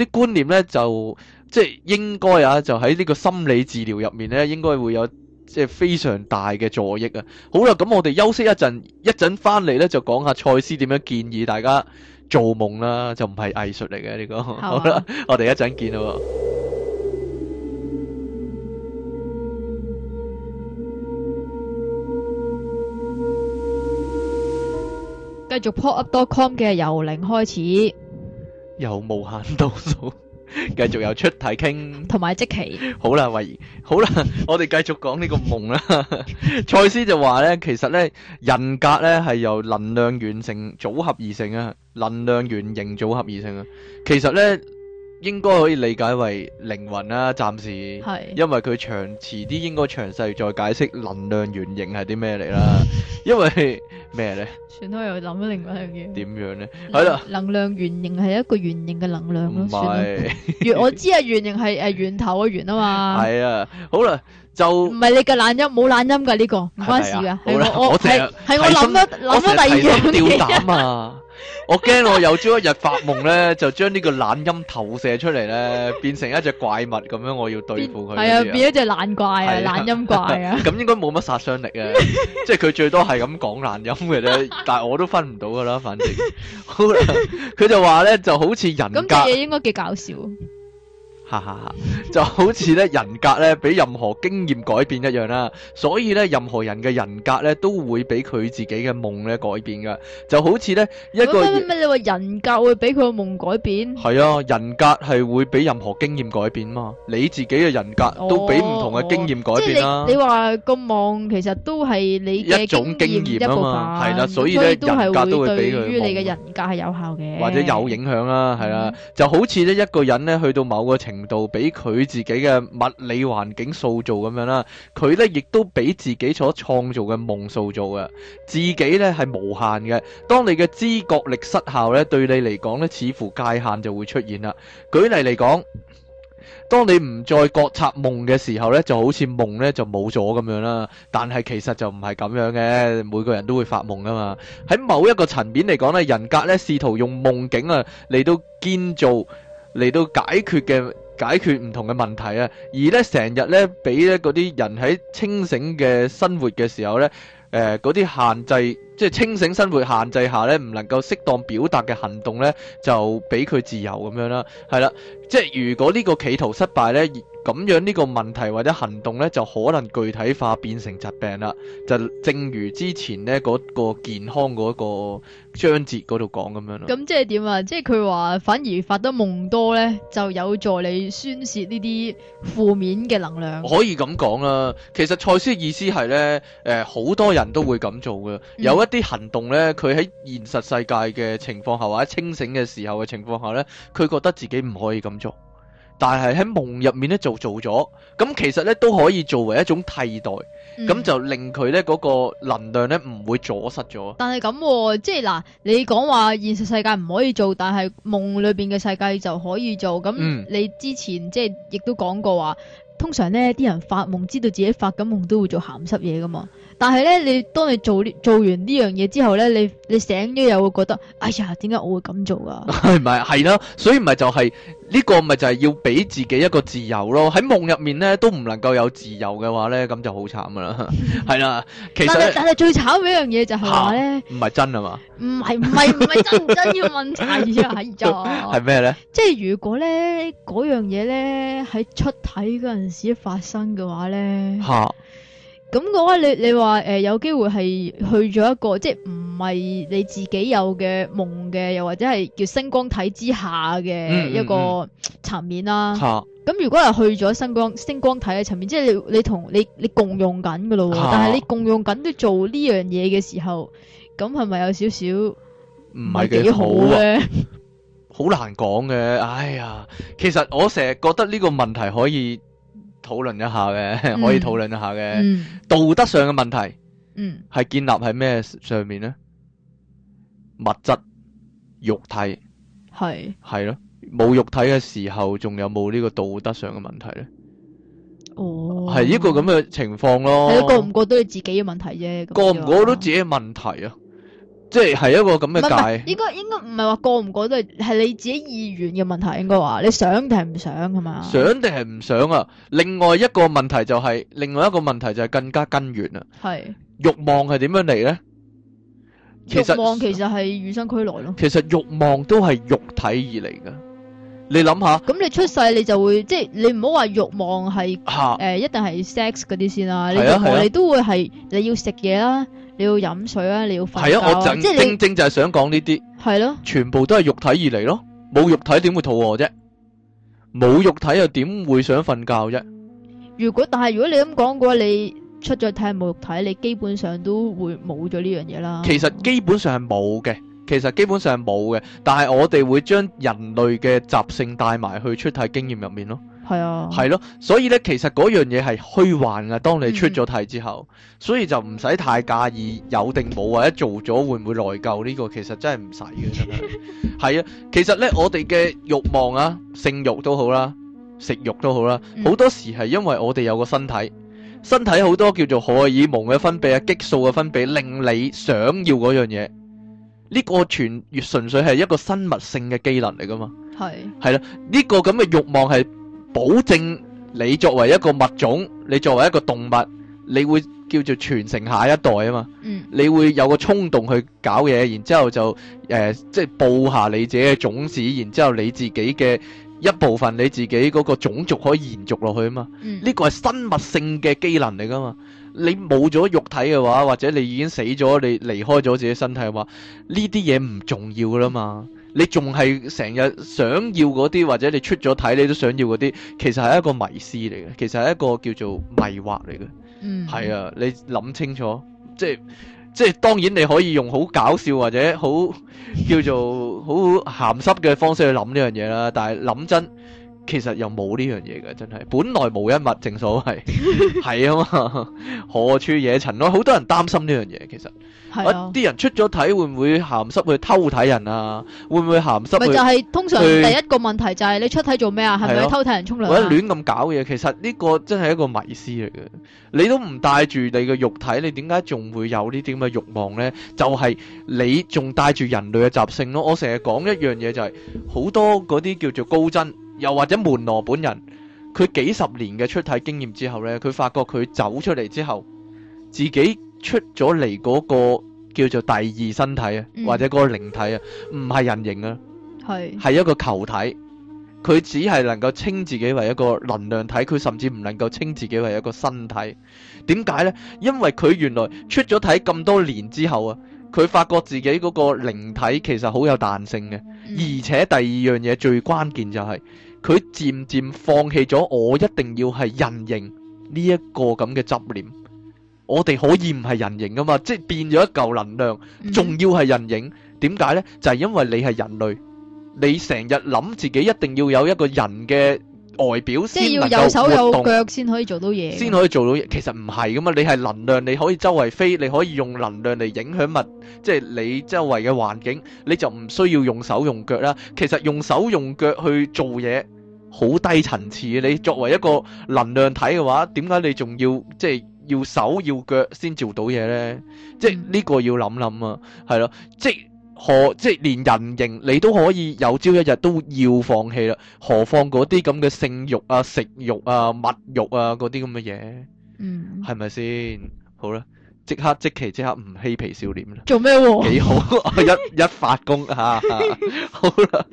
啲觀念咧就即係應該啊，就喺呢個心理治療入面咧，應該會有即係非常大嘅助益啊！好啦，咁我哋休息一陣，一陣翻嚟咧就講下賽斯點樣建議大家做夢啦，就唔係藝術嚟嘅呢個。啊、好啦，我哋一陣見啊！繼續 popup.com 嘅由零開始。有無限度數，繼續又出題傾，同埋即期。好啦，維，好啦，我哋繼續講呢個夢啦。賽斯就話咧，其實咧人格咧係由能量完形組合而成啊，能量完形組合而成啊。其實咧。應該可以理解為靈魂啦，暫時，因為佢長，遲啲應該詳細再解釋能量原型係啲咩嚟啦。因為咩咧？算啦，又諗咗靈魂係點樣咧？係啦，能量原型係一個原型嘅能量咯。唔係，我知係原型係誒源頭嘅源啊嘛。係啊，好啦，就唔係你嘅懶音，冇懶音噶呢個，唔關事噶。係我，係我諗咗諗咗第二樣嘢。 (laughs) 我驚我有朝一日發夢咧， (laughs) 就將呢個懶音投射出嚟咧， (laughs) 變成一隻怪物咁樣，我要對付佢。係啊，變成一隻懶怪啊，懶、啊、音怪啊。咁 (laughs) (laughs) 應該冇乜殺傷力啊， (laughs) 即係佢最多係咁講懶音嘅啫。 (laughs) 但係我都分唔到噶啦，反正。好 (laughs) 佢 (laughs) (laughs) 就話咧，就好似人咁，啲嘢應該幾搞笑。哈哈哈，就好似咧人格咧，俾任何經驗改變一樣啦。所以咧，任何人嘅人格咧，都會俾佢自己嘅夢咧改變噶。就好似咧，一個人咩？你話人格會俾佢個夢改變？係啊，人格係會俾任何經驗改變嘛？你自己嘅人格都俾唔同嘅經驗改變啦。即係你你話個夢其實都係你嘅一種經驗啊嘛，係啦。所以咧，人格都會俾佢對於你嘅人格係有效嘅，或者有影響啦，係啦。就好似咧，一個人咧去到某個程度。度俾佢自己嘅物理環境塑造咁樣啦，佢呢亦都俾自己所創造嘅夢塑造嘅，自己呢係無限嘅。當你嘅知覺力失效呢，對你嚟講呢，似乎界限就會出現啦。舉例嚟講，當你唔再覺察夢嘅時候呢，就好似夢呢就冇咗咁樣啦。但係其實就唔係咁樣嘅，每個人都會發夢噶嘛。喺某一個層面嚟講呢，人格呢試圖用夢境啊嚟到建造、嚟到解決嘅。解決唔同嘅問題啊，而咧成日咧俾咧嗰啲人喺清醒嘅生活嘅時候咧，誒嗰啲限制，即係清醒生活限制下咧，唔能夠適當表達嘅行動咧，就俾佢自由咁樣啦。係啦，即係如果呢個企圖失敗咧。咁樣呢個問題或者行動呢，就可能具體化變成疾病啦。就正如之前呢嗰、嗰個健康嗰個章節嗰度講咁樣咯。咁即係點啊？即係佢話反而發得夢多呢，就有助你宣泄呢啲負面嘅能量。可以咁講啦。其實賽斯嘅意思係呢，誒、呃，好多人都會咁做嘅。嗯、有一啲行動呢，佢喺現實世界嘅情況下或者清醒嘅時候嘅情況下呢，佢覺得自己唔可以咁做。但係喺夢入面咧就做咗，咁其實咧都可以作為一種替代，咁、嗯、就令佢咧嗰個能量咧唔會阻塞咗。但係咁、啊，即係嗱，你講話現實世界唔可以做，但係夢裏邊嘅世界就可以做。咁你之前即係亦都講過話，嗯、通常咧啲人發夢知道自己發緊夢都會做鹹濕嘢㗎嘛。但係咧，你當你做呢做完呢樣嘢之後咧，你你醒咗又會覺得，哎呀，點解我會咁做啊？係咪係啦，所以咪就係呢個咪就係要俾自己一個自由咯。喺夢入面咧都唔能夠有自由嘅話咧，咁就好慘噶啦。係 (laughs) 啦，其實但係最慘嘅一樣嘢就係話咧，唔係真係嘛？唔係唔係唔係真唔 (laughs) 真要問題啊？係咩咧？即係如果咧嗰樣嘢咧喺出體嗰陣時發生嘅話咧吓。咁嘅話，你你話誒，有機會係去咗一個，即係唔係你自己有嘅夢嘅，又或者係叫星光體之下嘅一個層面啦。咁如果係去咗星光星光體嘅層面，即係你你同你你，你共用緊噶咯。啊、但係你共用緊都做呢樣嘢嘅時候，咁係咪有少少唔係幾好咧？ (laughs) 好難講嘅，哎呀，其實我成日覺得呢個問題可以。討論一下嘅，嗯、 (laughs) 可以討論一下嘅、嗯、道德上嘅問題，係、嗯、建立喺咩上面呢？物質、肉體係係咯，冇是肉體嘅時候，仲有冇呢個道德上嘅問題咧？哦，係呢個咁嘅情況咯。係過唔過都係自己嘅問題啫？過唔過得自己嘅問，問題啊？即係一個咁嘅界，應該應該唔係話過唔過都係你自己意願嘅問題應該，應該話你想定唔想係嘛？想定係唔想啊？另外一個問題就係、是，另外一個問題就係更加根源啊。是欲望係點樣嚟？呢？欲望其實係與生俱來咯。其實欲望都係肉體而嚟噶。你諗下。咁你出世你就會即係、就是、你唔好話欲望係誒、啊呃，一定係 sex 嗰啲先啦。你係。我哋都會係你要食嘢啦。你要飲水啊！你要瞓？係啊，我正正正就係想講呢啲，係咯，全部都係肉體而嚟咯，冇肉體點會肚餓啫？冇肉體又點會想瞓覺啫？如果但係如果你咁講嘅話，你出咗體冇肉體，你基本上都會冇咗呢樣嘢。啦其實基本上係冇嘅，其實基本上係冇嘅，但係我哋會將人類嘅習性帶埋去出體經驗入面咯。係 (noise) 是啊，係咯，所以咧，其實嗰樣嘢係虛幻噶。當你出咗體之後，嗯、所以就唔使太介意有定冇或者做咗會唔會內疚呢、這個其， (laughs) 其實真係唔使嘅。真係，係啊。其實咧，我哋嘅欲望啊，性欲都好啦，食欲都好啦，好多時係因為我哋有個身體，嗯、身體好多叫做荷爾蒙嘅分泌啊，激素嘅分泌令你想要嗰樣嘢。呢、這個全越純粹係一個生物性嘅機能嚟噶嘛。係係啦，呢、這個咁嘅欲望係。保證你作為一個物種，你作為一個動物，你會叫做傳承下一代啊嘛。嗯、你會有個衝動去搞嘢，然之後就誒、呃，即係播下你自己嘅種子，然之後你自己嘅一部分，你自己嗰個種族可以延續落去啊嘛。呢、嗯、個係生物性嘅機能嚟噶嘛。你冇咗肉體嘅話，或者你已經死咗，你離開咗自己身體嘅話，呢啲嘢唔重要啦嘛。你仲係成日想要嗰啲，或者你出咗睇你都想要嗰啲，其實係一個迷思嚟嘅，其實係一個叫做迷惑嚟嘅，嗯、係啊，你諗清楚，即係即係當然你可以用好搞笑或者好叫做好鹹濕嘅方式去諗呢樣嘢啦，但係諗真。其實又冇呢樣嘢嘅，真係本來無一物，正所謂係啊嘛，何處惹塵咯？好多人擔心呢樣嘢，其實啲人出咗體會唔會鹹濕去偷睇人啊？會唔會鹹濕，咪就係通常第一個問題就係你出體做咩啊？係咪去偷睇人沖涼？或者亂咁搞嘢，其實呢個真係一個迷思嚟嘅。你都唔帶住你嘅肉體，你點解仲會有呢啲咁嘅慾望呢？就係你仲帶住人類嘅習性咯。我成日講一樣嘢就係好多嗰啲叫做高真。又或者門羅本人，佢幾十年嘅出體經驗之後呢，佢發覺佢走出嚟之後，自己出咗嚟嗰個叫做第二身體啊，嗯、或者嗰個靈體啊，唔係人形啊，係係一個球體，佢只係能夠稱自己為一個能量體，佢甚至唔能夠稱自己為一個身體。點解呢？因為佢原來出咗體咁多年之後啊，佢發覺自己嗰個靈體其實好有彈性嘅，嗯、而且第二樣嘢最關鍵就係、是。佢漸漸放棄咗，我一定要係人形呢一個咁嘅執念。我哋可以唔係人形㗎嘛？即係變咗一嚿能量，仲要係人形，點解呢？就係、係、因為你係人類，你成日諗自己一定要有一個人嘅。外表即係要有手有腳先可以做到嘢，先可以做到嘢。其實唔係噶嘛，你係能量，你可以周圍飛，你可以用能量嚟影響物，即係你周圍嘅環境，你就唔需要用手用腳啦。其實用手用腳去做嘢好低層次嘅。你作為一個能量體嘅話，點解你仲要即係要手要腳先做到嘢呢？即係呢個要諗諗啊，係咯，即係。何即係連人形你都可以有朝一日都要放棄啦，何況嗰啲咁嘅性慾啊、食慾啊、物慾啊嗰啲咁嘅嘢，係咪、啊嗯、先？好啦，即刻即期即刻唔嬉皮笑臉啦！做咩、啊？幾好？一一發功嚇、 (laughs) 啊！好 (laughs) 啦，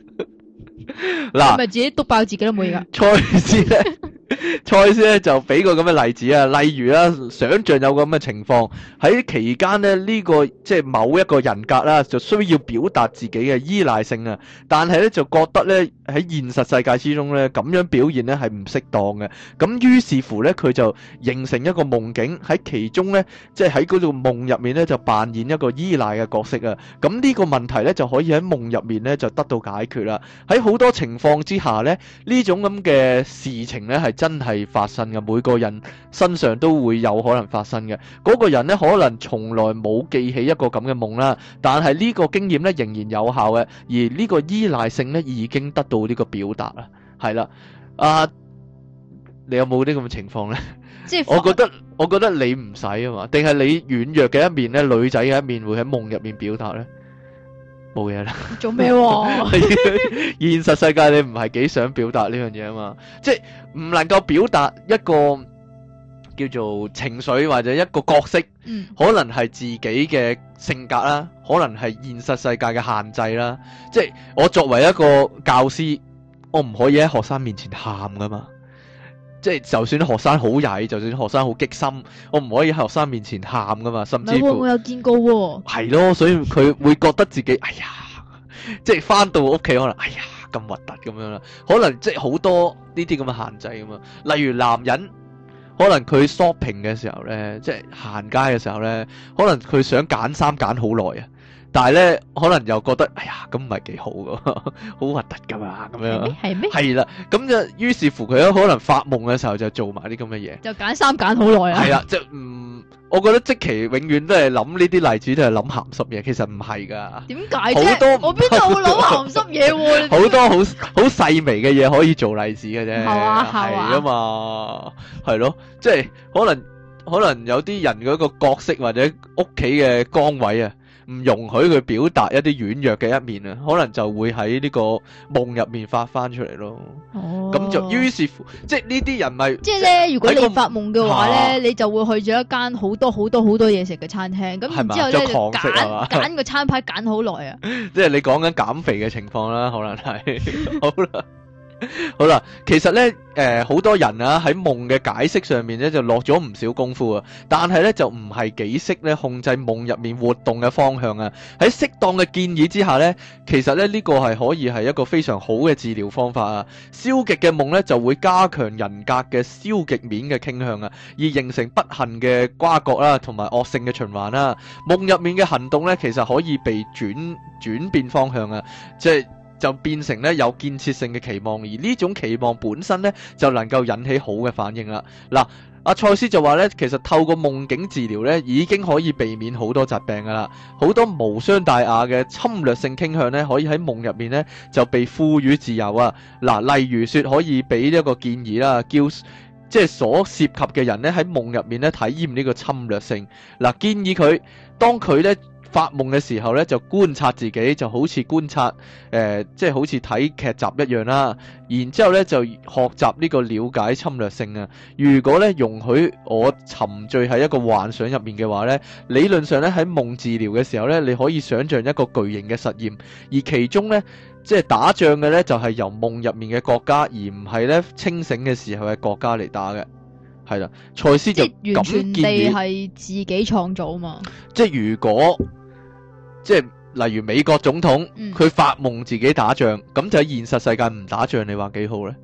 嗱，咪自己督爆自己都冇嘢㗎。菜子咧～ (laughs) 賽斯咧就俾個咁嘅例子啊，例如啦，想象有個咁嘅情況喺期間呢，呢個即係某一個人格啦，就需要表達自己嘅依賴性啊，但係咧就覺得咧喺現實世界之中咧咁樣表現咧係唔適當嘅，咁於是乎咧佢就形成一個夢境喺其中咧即係喺嗰個夢入面咧就扮演一個依賴嘅角色啊，咁呢個問題咧就可以喺夢入面咧就得到解決啦。喺好多情況之下咧呢種咁嘅事情咧係。真係發生嘅，每個人身上都會有可能發生嘅。嗰個人呢，可能從來冇記起一個咁嘅夢啦，但係呢個經驗呢，仍然有效嘅，而呢個依賴性呢，已經得到呢個表達啦。係啦，啊，你有冇啲咁嘅情況呢？即係我覺得，我覺得你唔使啊嘛，定係你軟弱嘅一面呢，女仔嘅一面會喺夢入面表達呢？冇嘢啦。了做咩？ (laughs) 現實世界你唔係幾想表達呢樣嘢啊嘛，即係唔能夠表達一個叫做情緒或者一個角色，嗯、可能係自己嘅性格啦，可能係現實世界嘅限制啦，即係我作為一個教師，我唔可以喺學生面前喊㗎嘛。即係，就算學生好曳，就算學生好激心，我唔可以喺學生面前喊㗎嘛，甚至乎。唔會，我有見過喎、哦。係咯，所以佢會覺得自己哎呀， (laughs) 即係返到屋企可能哎呀咁核突咁樣啦，可能即係好多呢啲咁嘅限制咁啊。例如男人，可能佢 shopping 嘅時候咧，即係行街嘅時候咧，可能佢想揀衫揀好耐啊。但係咧，可能又覺得，哎呀，咁唔係幾好嘅，好核突噶嘛，咁樣，係咩？係啦，咁就於是乎佢都可能發夢嘅時候就做埋啲咁嘅嘢，就揀三揀好耐啊。係啦，就唔，我覺得即期永遠都係諗呢啲例子都係諗鹹濕嘢，其實唔係噶。點解啫？好多我邊度會諗鹹濕嘢喎？好多好好細微嘅嘢可以做例子嘅啫。係啊，係啊嘛，係咯，即係可能可能有啲人嘅一個角色或者屋企嘅崗位啊。唔容許佢表達一啲軟弱嘅一面啊，可能就會喺呢個夢入面發翻出嚟咯。哦，咁就於是乎，即係呢啲人咪，即係咧如果你個發夢嘅話咧，啊、你就會去咗一間好多好多好多嘢食嘅餐廳，咁嗎然之後咧就揀揀嗎個餐牌揀好耐啊。即係你講緊減肥嘅情況啦，可能係。好啦。 (laughs) 好啦，其實咧，誒、呃，好多人啊喺夢嘅解釋上面咧就落咗唔少功夫啊，但係咧就唔係幾識咧控制夢入面活動嘅方向啊。喺適當嘅建議之下咧，其實咧呢、呢個係可以係一個非常好嘅治療方法啊。消極嘅夢咧就會加強人格嘅消極面嘅傾向啊，而形成不幸嘅瓜葛啦，同埋惡性嘅循環啦。夢入面嘅行動咧其實可以被轉轉變方向啊，即係。就變成咧有建設性嘅期望，而呢種期望本身咧就能夠引起好嘅反應啦。嗱、啊，阿賽斯就話咧，其實透過夢境治療咧已經可以避免好多疾病噶啦，好多無傷大雅嘅侵略性傾向咧可以喺夢入面咧就被賦予自由啊。嗱，例如說可以俾呢一個建議啦，叫即係、就是、所涉及嘅人咧喺夢入面咧體驗呢個侵略性。嗱、啊，建議佢當佢咧。發夢嘅時候咧，就觀察自己，就好似觀察誒，即、呃、係、就是、好似睇劇集一樣啦。然之後咧，就學習呢個了解侵略性啊。如果咧容許我沉醉喺一個幻想入面嘅話咧，理論上咧喺夢治療嘅時候咧，你可以想象一個巨型嘅實驗，而其中咧即係打仗嘅咧就係、是、由夢入面嘅國家，而唔係咧清醒嘅時候嘅國家嚟打嘅。係啦，賽斯就完全地係自己創造啊嘛。即係如果。即係例如美國總統，佢發夢自己打仗，咁、嗯、就喺現實世界唔打仗，你話幾好咧？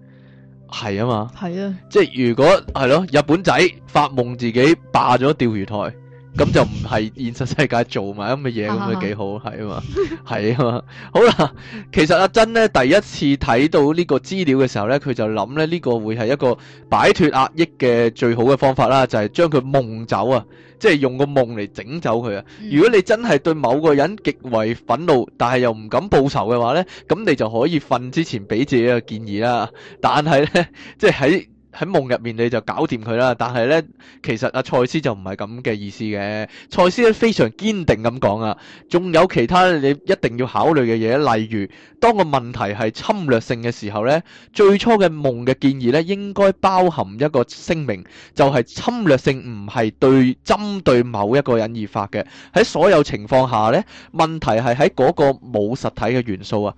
係啊嘛，係啊的，即係如果係咯，日本仔發夢自己霸咗釣魚台。咁 (noise) 就唔係現實世界做埋咁嘅嘢，咁咪幾好，係啊嘛，係啊嘛，好啦，其實阿真咧第一次睇到呢個資料嘅時候咧，佢就諗咧呢、呢個會係一個擺脱壓抑嘅最好嘅方法啦，就係、是、將佢夢走啊，即係用個夢嚟整走佢啊。如果你真係對某個人極為憤怒，但係又唔敢報仇嘅話咧，咁你就可以瞓之前俾自己嘅建議啦。但係咧，即係喺。喺夢入面你就搞掂佢啦，但係咧，其實阿賽斯就唔係咁嘅意思嘅。賽斯咧非常堅定咁講啊，仲有其他你一定要考慮嘅嘢，例如當個問題係侵略性嘅時候咧，最初嘅夢嘅建議咧應該包含一個聲明，就係侵略性唔係對針對某一個人而發嘅。喺所有情況下咧，問題係喺嗰個冇實體嘅元素啊，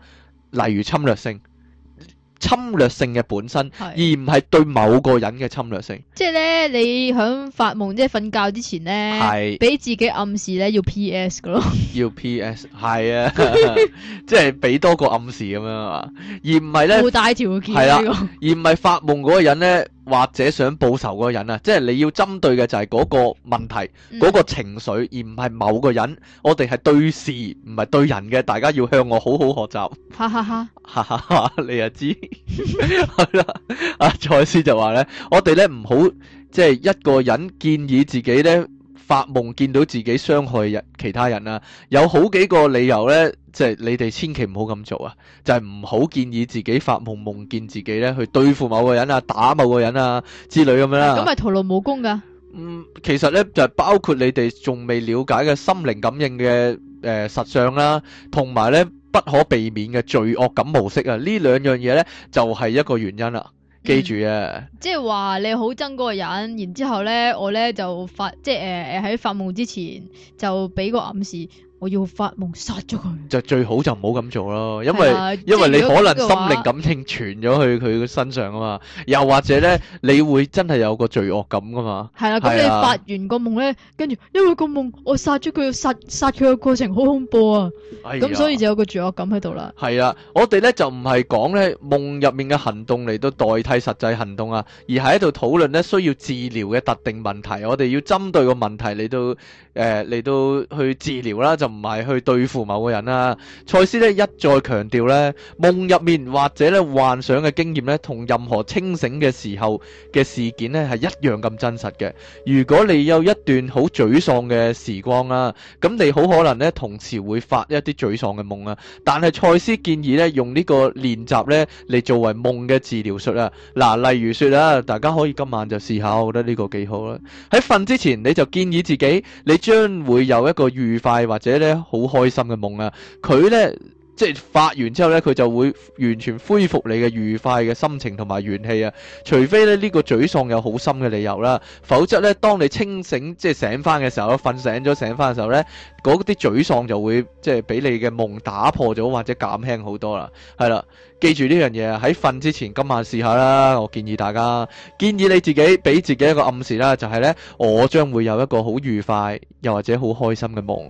例如侵略性。侵略性嘅本身，是而唔係對某個人嘅侵略性。即係咧，你響發夢即係瞓覺之前咧，俾是自己暗示咧要 P.S. 噶咯。要 P.S. 係啊， (laughs) (laughs) 即係俾多個暗示咁樣啊，這個、而唔係咧。好大條件。係啦，而唔係發夢嗰個人咧。或者想報仇嗰個人啊，即係你要針對嘅就係嗰個問題、嗰、嗯、個情緒，而唔係某個人。我哋係對事唔係對人嘅，大家要向我好好學習。哈，哈哈哈，哈哈哈，你又知？係啦，阿賽斯就話咧，我哋咧唔好即係一個人建議自己咧。發夢見到自己傷害人其他人啊，有好幾個理由呢，即係你哋千祈唔好咁做啊！就係唔好建議自己發夢夢見自己呢，去對付某個人啊、打某個人啊之類咁樣啦。咁咪徒勞無功噶。嗯，其實呢，就係包括你哋仲未了解嘅心靈感應嘅誒實相啦，同埋呢不可避免嘅罪惡感模式啊，呢兩樣嘢呢，就係一個原因啊。記住啊！嗯、即係話你好憎嗰個人，然之後咧，我咧就發，即係誒誒喺發夢之前就俾個暗示。我要發夢殺咗佢，就最好就唔好咁做咯，因為因為你可能心靈感應傳咗去佢嘅身上啊嘛。又或者咧，你會真係有個罪惡感噶嘛？係啦，咁你發完個夢咧，跟住因為個夢我殺咗佢，殺殺佢嘅過程好恐怖啊，咁所以就有個罪惡感喺度啦。係啦，我哋咧就唔係講咧夢入面嘅行動嚟到代替實際行動啊，而係喺度討論咧需要治療嘅特定問題，我哋要針對個問題嚟到誒嚟到去治療啦。就唔係去對付某個人啦，賽斯咧一再強調咧夢入面或者咧幻想嘅經驗咧，同任何清醒嘅時候嘅事件咧係一樣咁真實嘅。如果你有一段好沮喪嘅時光啦，咁你好可能咧同時會發一啲沮喪嘅夢啊。但係賽斯建議咧用呢個練習咧嚟作為夢嘅治療術啊。嗱，例如說啦，大家可以今晚就試下，我覺得呢個幾好啦。喺瞓之前你就建議自己，你將會有一個愉快或者。咧好開心嘅夢啊！佢呢，即係發完之後呢，佢就會完全恢復你嘅愉快嘅心情同埋元氣啊。除非咧呢個沮喪有好深嘅理由啦，否則呢，當你清醒即係醒翻嘅時候，瞓醒咗醒翻嘅時候呢，嗰啲沮喪就會即係俾你嘅夢打破咗，或者減輕好多啦。係啦，記住呢樣嘢喺瞓之前，今晚試下啦。我建議大家建議你自己俾自己一個暗示啦，就係呢：我將會有一個好愉快又或者好開心嘅夢。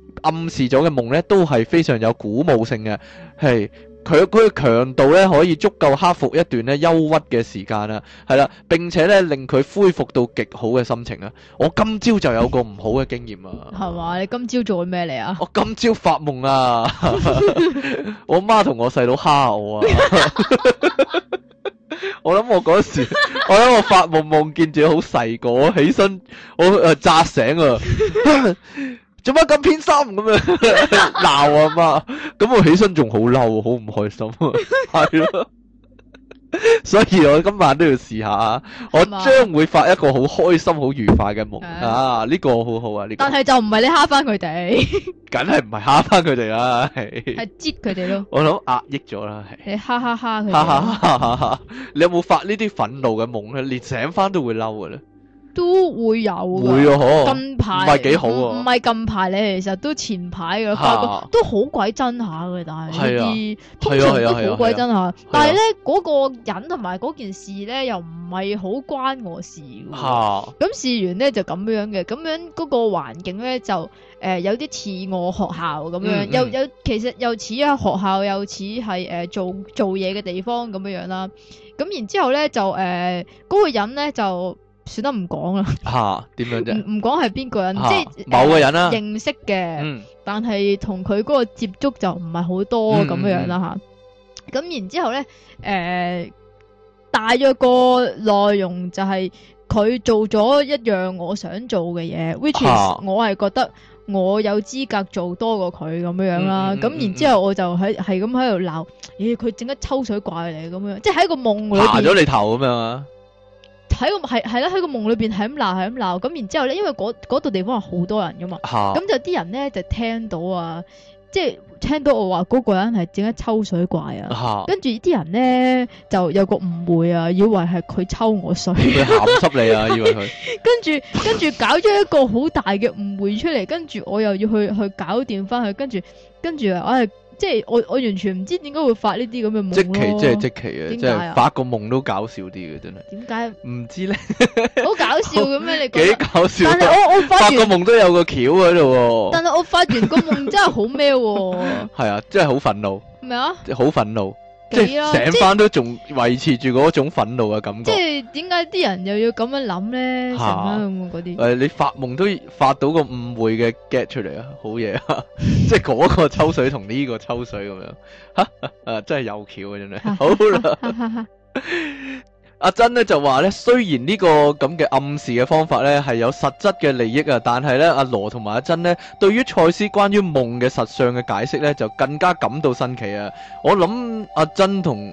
暗示咗嘅夢咧，都係非常有鼓舞性嘅，係佢佢嘅強度咧，可以足夠克服一段咧憂鬱嘅時間啦，係啦，並且咧令佢恢復到極好嘅心情啊！我今朝就有個唔好嘅經驗啊！係嘛？你今朝做咩嚟啊？我今朝發夢啊！我媽同我細佬蝦我啊！我諗我嗰時，我諗我發夢，夢見自己好細個，我起身我誒，扎醒啊！做乜咁偏心咁樣鬧啊嘛，咁 (laughs) 我,我起身仲好嬲，好唔開心係咯。 (laughs) 對了 (laughs) 所以我今晚都要試下，吧我將會發一個好開心、好愉快嘅夢啊！呢、啊這個好好啊，呢、這個。但係就唔係你蝦翻佢哋，梗係唔係蝦翻佢哋啦。係擠佢哋咯。我諗壓抑咗啦。你哈哈哈佢。蝦哈哈哈哈你有冇發憤呢啲憤怒嘅夢咧？連醒翻都會嬲㗎啦。都會有嘅，啊、近排唔係幾好，啊，唔係近排咧，其實都前排嘅，啊、發覺都好鬼真下嘅，但係呢啲通常都好鬼真下。但係咧嗰個人同埋嗰件事咧，又唔係好關我事。吓咁試完咧就咁樣嘅，咁樣嗰個環境咧就誒、呃、有啲似我學校咁樣，嗯嗯、又有其實又似啊學校，又似係誒做做嘢嘅地方咁樣樣啦。咁然之後咧就誒嗰、呃嗰個人咧就。呃那個算得唔講啦，吓點樣啫？唔唔講係邊個人，即係某個人啦，認識嘅，但係同佢嗰個接觸就唔係好多咁樣樣啦，吓。咁然之後咧，誒，大約個內容就係佢做咗一樣我想做嘅嘢，which is，我係覺得我有資格做多過佢咁樣樣啦。咁然之後我就喺係咁喺度鬧，咦？佢整得抽水怪嚟咁樣，即係喺個夢裏爬咗你頭咁樣啊。喺個係係啦，喺個夢裏邊係咁鬧係咁鬧，咁然之後咧，因為嗰度、嗰個、地方係好多人噶嘛，咁的就啲人咧就聽到啊，即、就、係、是、聽到我話嗰個人係整一抽水怪啊，的跟住啲人咧就有個誤會啊，以為係佢抽我水，鹹濕你啊 (laughs) 以為佢， (laughs) 跟住跟住搞咗一個好大嘅誤會出嚟，跟住我又要去去搞掂翻佢，跟住跟住我係。即係我我完全唔知點解會發呢啲咁嘅夢即奇，即係即奇啊，即係，發個夢都搞笑啲嘅，真係。點解？唔知咧，好搞笑嘅咩？你幾搞笑？但係我我發個夢都有個橋喺度。但係我發完個夢真係好咩？係啊，真係好憤怒。咩啊麼？即係好憤怒。即係成班都仲維持住嗰種憤怒嘅感覺。即係點解啲人又要咁樣諗咧？咁啲。誒、啊呃，你發夢都發到個誤會嘅 get 出嚟啊！好嘢啊！即係嗰個抽水同呢個抽水咁樣。吓，誒，真係有橋啊！真係、啊。好啦、啊。啊啊啊啊啊阿珍咧就話咧，雖然呢個咁嘅暗示嘅方法咧係有實質嘅利益啊，但係咧阿羅同埋阿珍呢，對於賽斯關於夢嘅實相嘅解釋咧，就更加感到新奇啊！我諗阿珍同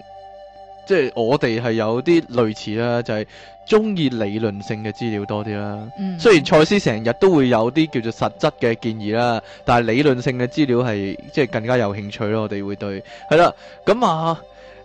即係我哋係有啲類似啦，就係中意理論性嘅資料多啲啦。嗯，雖然賽斯成日都會有啲叫做實質嘅建議啦，但係理論性嘅資料係即係更加有興趣咯。我哋會對係啦，咁啊。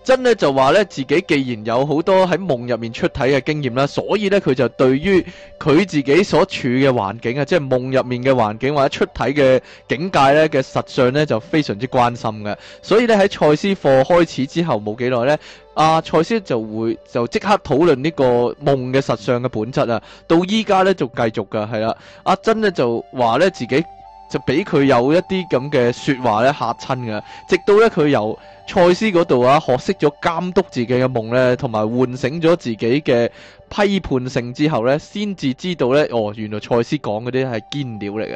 珍咧就話咧自己既然有好多喺夢入面出體嘅經驗啦，所以咧佢就對於佢自己所處嘅環境啊，即係夢入面嘅環境或者出體嘅境界咧嘅實相咧就非常之關心嘅。所以咧喺賽斯課開始之後冇幾耐咧，阿賽斯就會就即刻討論呢個夢嘅實相嘅本質啊。到依家咧就繼續噶，係啦。阿珍咧就話咧自己就俾佢有一啲咁嘅說話咧吓親嘅，直到咧佢有。賽斯嗰度啊，學識咗監督自己嘅夢呢，同埋喚醒咗自己嘅批判性之後呢，先至知道呢，哦，原來賽斯講嗰啲係堅料嚟嘅。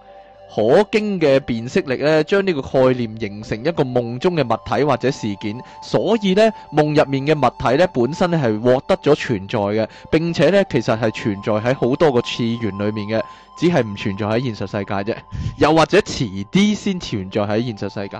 可經嘅辨識力咧，將呢個概念形成一個夢中嘅物體或者事件，所以呢，夢入面嘅物體呢，本身咧係獲得咗存在嘅，並且呢，其實係存在喺好多個次元裏面嘅，只係唔存在喺現實世界啫，又或者遲啲先存在喺現實世界，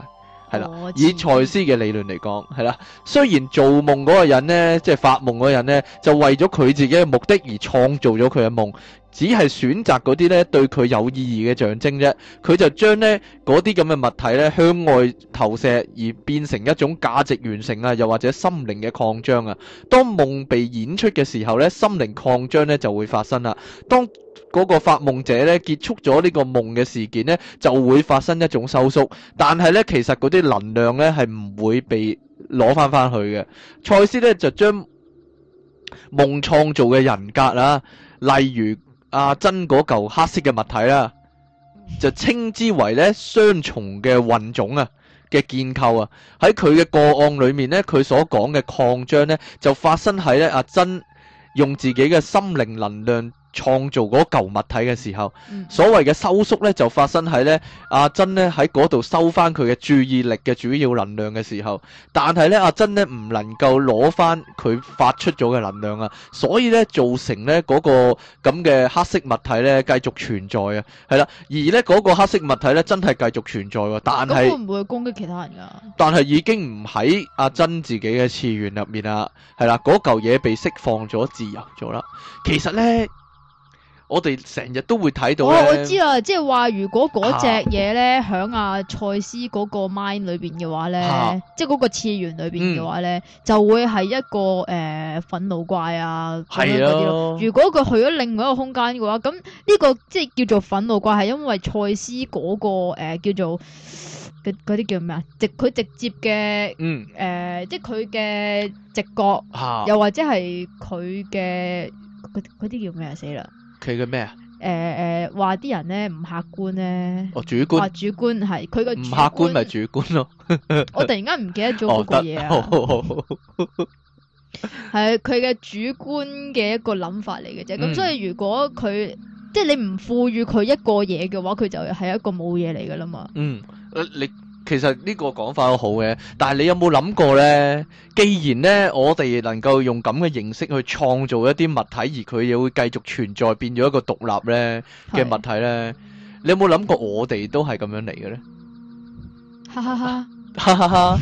係啦。以賽斯嘅理論嚟講，係啦，雖然做夢嗰個人呢，即係發夢嗰人呢，就為咗佢自己嘅目的而創造咗佢嘅夢。只係選擇嗰啲咧對佢有意義嘅象徵啫，佢就將咧嗰啲咁嘅物體咧向外投射而變成一種價值完成啊，又或者心靈嘅擴張啊。當夢被演出嘅時候咧，心靈擴張咧就會發生啦。當嗰個發夢者咧結束咗呢個夢嘅事件咧，就會發生一種收縮。但係咧，其實嗰啲能量咧係唔會被攞翻翻去嘅。賽斯咧就將夢創造嘅人格啦，例如，阿珍嗰嚿黑色嘅物體啦，就稱之為咧雙重嘅混種啊嘅建構啊，喺佢嘅個案裏面咧，佢所講嘅擴張咧，就發生喺咧阿珍用自己嘅心靈能量。創造嗰嚿物體嘅時候，所謂嘅收縮咧就發生喺咧阿珍咧喺嗰度收翻佢嘅注意力嘅主要能量嘅時候，但係咧阿珍咧唔能夠攞翻佢發出咗嘅能量啊，所以咧造成咧嗰個咁嘅黑色物體咧繼續存在啊，係啦，而咧嗰個黑色物體咧真係繼續存在喎，但係佢會唔會攻擊其他人噶？但係已經唔喺阿珍自己嘅次元入面啦，係啦，嗰嚿嘢被釋放咗、自由咗啦，其實咧。.我哋成日都會睇到、哦、我知啦，即係話如果嗰隻嘢咧響阿賽斯嗰個 mind 裏邊嘅話咧，即係嗰個次元裏邊嘅話咧，嗯、就會係一個誒憤、呃、怒怪啊咁樣嗰啲咯。等等是啊、如果佢去咗另外一個空間嘅話，咁呢、呢個即係、就是那個呃、叫做憤怒怪，係因為賽斯嗰個誒叫做嗰啲叫咩啊？直佢直接嘅，誒、嗯呃，即係佢嘅直覺，啊、又或者係佢嘅嗰啲叫咩啊？死啦！佢嘅咩啊？誒誒，話啲、呃呃、人咧唔客觀咧，哦，主觀，話主觀係佢個唔客觀咪主觀咯、哦。 (laughs) 我突然間唔記得咗個嘢啊！係佢嘅主觀嘅一個諗法嚟嘅啫。咁、嗯、所以如果佢即係你唔賦予佢一個嘢嘅話，佢就係一個冇嘢嚟噶啦嘛。嗯、呃，你。其實呢個講法都好嘅，但係你有冇諗過呢？既然呢，我哋能夠用咁嘅形式去創造一啲物體，而佢又會繼續存在，變咗一個獨立呢嘅物體呢？是你有冇諗過我哋都係咁樣嚟嘅呢？哈哈哈，哈哈哈，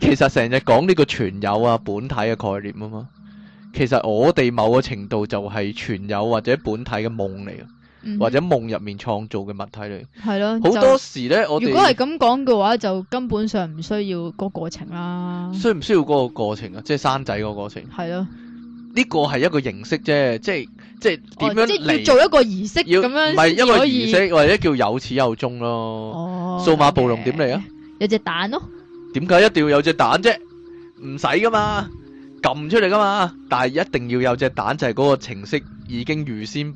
其實成日講呢個全有啊本體嘅概念啊嘛，其實我哋某個程度就係全有或者本體嘅夢嚟嘅。或者夢入面創造嘅物體嚟，係咯好多時咧，我如果係咁講嘅話，就根本上唔需要個過程啦。需唔需要嗰個過程啊？即係生仔嗰個過程。係咯，呢個係一個形式啫，即係即係點樣即係要做一個儀式，要咁樣唔係一個儀式，或者叫有始有終咯。數碼暴龍點嚟啊？有隻蛋咯。點解一定要有隻蛋啫？唔使噶嘛，撳出嚟噶嘛，但係一定要有隻蛋，就係嗰個程式已經預先。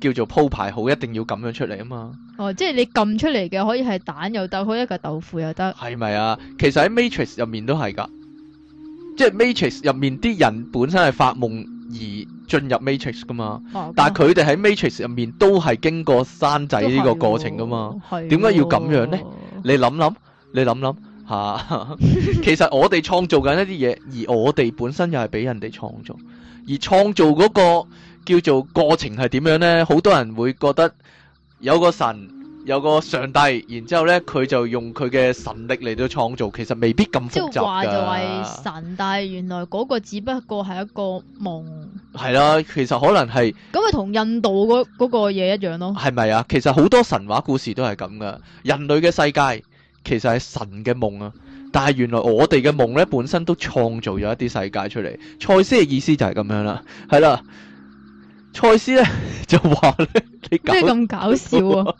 叫做鋪排好，一定要咁樣出嚟啊嘛！哦，即係你撳出嚟嘅，可以係蛋又得，好一個豆腐又得，係咪啊？其實喺 Matrix 入面都係噶，即係 Matrix 入面啲人本身係發夢而進入 Matrix 噶嘛，啊、但係佢哋喺 Matrix 入面都係經過生仔呢個過程噶嘛，點解要咁樣呢？的你諗諗，你諗諗吓，啊、 (laughs) 其實我哋創造緊一啲嘢，而我哋本身又係俾人哋創造，而創造嗰、嗰個。叫做過程係點樣咧？好多人會覺得有個神，有個上帝，然之後咧佢就用佢嘅神力嚟到創造，其實未必咁複雜噶。即係話就係神，但係原來嗰個只不過係一個夢。係啦，其實可能係咁啊，同印度嗰嗰個嘢一樣咯。係咪啊？其實好多神話故事都係咁噶。人類嘅世界其實係神嘅夢啊，但係原來我哋嘅夢咧本身都創造咗一啲世界出嚟。賽斯嘅意思就係咁樣啦，係啦。蔡司咧就話咧，你咩咁搞笑啊？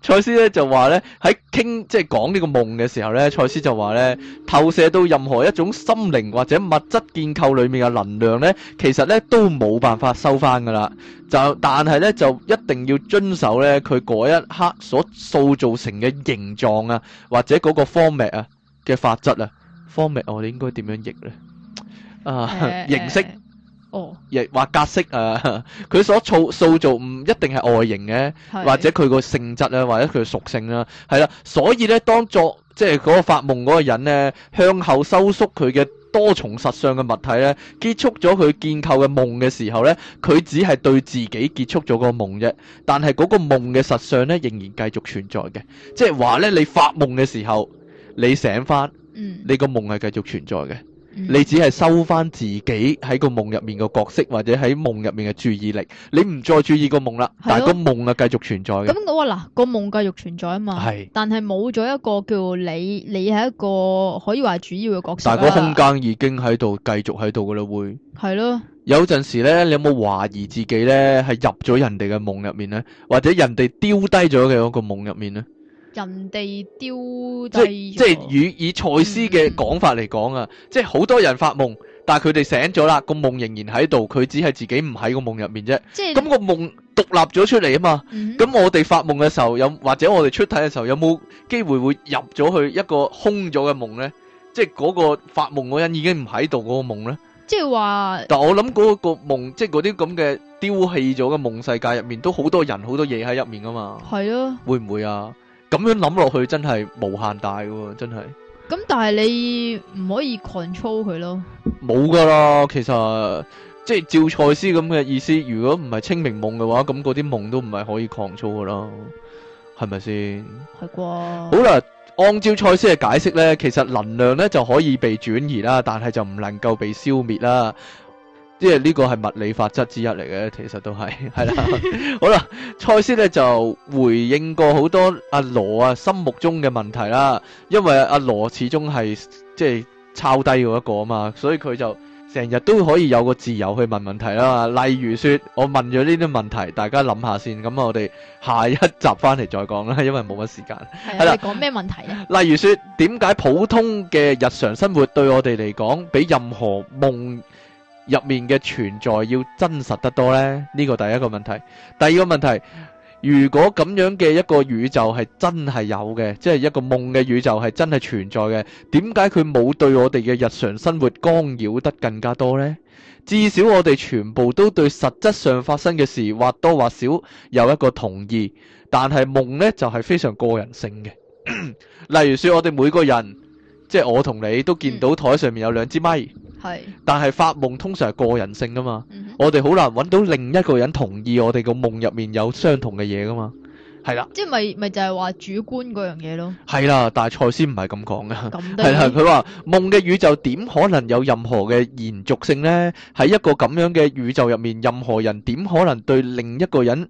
蔡司咧就話咧喺傾即係講呢個夢嘅時候咧，蔡司就話咧，透射到任何一種心靈或者物質建構裏面嘅能量咧，其實咧都冇辦法收翻噶啦。就但係咧就一定要遵守咧佢嗰一刻所塑造成嘅形狀啊，或者嗰個方面啊嘅法則啊方 o 我哋應該點樣譯咧？啊，哎哎形式。哦，亦或，oh. 格式啊，佢所造塑造唔一定係外形嘅，是或者佢個性質啊，或者佢嘅屬性啦，啊，係啦，所以咧，當作即係嗰個發夢嗰個人咧，向後收縮佢嘅多重實相嘅物體咧，結束咗佢建構嘅夢嘅時候咧，佢只係對自己結束咗個夢啫，但係嗰個夢嘅實相咧仍然繼續存在嘅，即係話咧，你發夢嘅時候，你醒翻，嗯，你個夢係繼續存在嘅。嗯嗯、你只係收翻自己喺個夢入面嘅角色，嗯、或者喺夢入面嘅注意力，你唔再注意個夢啦。的但係個夢啊繼續存在嘅。咁我嗱個夢繼續存在啊嘛。係的。但係冇咗一個叫你，你係一個可以話主要嘅角色。但係個空間已經喺度，繼續喺度噶啦會。係咯的。有陣時咧，你有冇懷疑自己咧係入咗人哋嘅夢入面咧，或者人哋丟低咗嘅嗰個夢入面咧？人哋丟即即以以賽斯嘅講法嚟講啊，即係好多人發夢，但係佢哋醒咗啦，個夢仍然喺度，佢只係自己唔喺個夢入面啫。即咁個夢獨立咗出嚟啊嘛。咁我哋發夢嘅時候，有或者我哋出體嘅時候，有冇機會會入咗去一個空咗嘅夢咧？即係嗰個發夢嗰個人已經唔喺度，嗰個夢咧。即係話，但係我諗嗰個夢，即係嗰啲咁嘅丟棄咗嘅夢世界入面，都好多人好多嘢喺入面啊嘛。係啊，會唔會啊？咁樣諗落去真係無限大嘅，真係。咁但係你唔可以控制佢咯。冇噶啦，其實即係照賽斯咁嘅意思，如果唔係清明夢嘅話，咁嗰啲夢都唔係可以控制噶啦，係咪先？係啩吧？好啦，按照賽斯嘅解釋呢，其實能量呢就可以被轉移啦，但係就唔能夠被消滅啦。即係呢個係物理法則之一嚟嘅，其實都係係啦。 (laughs) 好啦，賽斯咧就回應過好多阿羅啊心目中嘅問題啦，因為阿羅始終係即係抄低嗰一個啊嘛，所以佢就成日都可以有個自由去問問題啦。例如說，我問咗呢啲問題，大家諗下先。咁啊，我哋下一集翻嚟再講啦，因為冇乜時間。係啦的，你講咩的問題啊？例如說，點解普通嘅日常生活對我哋嚟講，比任何夢入面嘅存在要真實得多呢？呢個第一個問題。第二個問題，如果咁樣嘅一個宇宙係真係有嘅，即係一個夢嘅宇宙係真係存在嘅，點解佢冇對我哋嘅日常生活干擾得更加多呢？至少我哋全部都對實質上發生嘅事或多或少有一個同意，但係夢呢，就係非常個人性嘅。 (coughs) 例如說，我哋每個人，即係我同你都見到台上面有兩支咪。係，但係發夢通常係個人性噶嘛，我哋好難揾到另一個人同意我哋個夢入面有相同嘅嘢噶嘛，係啦，即係咪咪就係話主觀嗰樣嘢咯？係啦，但係賽斯唔係咁講噶，係啦，佢話夢嘅宇宙點可能有任何嘅延續性呢？喺一個咁樣嘅宇宙入面，任何人點可能對另一個人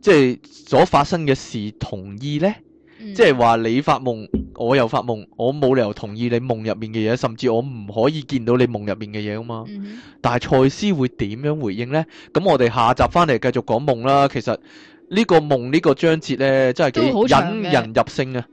即係所發生嘅事同意呢？即係話你發夢，我又發夢，我冇理由同意你夢入面嘅嘢，甚至我唔可以見到你夢入面嘅嘢啊嘛。嗯、哼但係賽斯會點樣回應呢？咁我哋下集翻嚟繼續講夢啦。其實呢個夢呢個章節呢，真係幾引人入勝啊！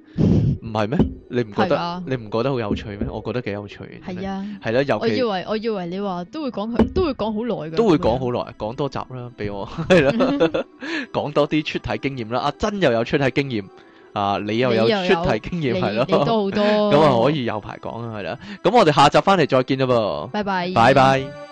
唔係咩？你唔覺得？啊、你唔覺得好有趣咩？我覺得幾有趣。係啊，係啦、啊，尤其我以為我以為你話都會講，都會講好耐嘅，這樣 都會講好耐，講多集啦，俾我係啦，講 (laughs) 多啲出體經驗啦。阿珍又有出體經驗。啊！你又有出題經驗係，咯，好多咁啊，可以有排講啊，係啦。咁我哋下集翻嚟，再見啦噃。拜拜，拜拜。拜拜。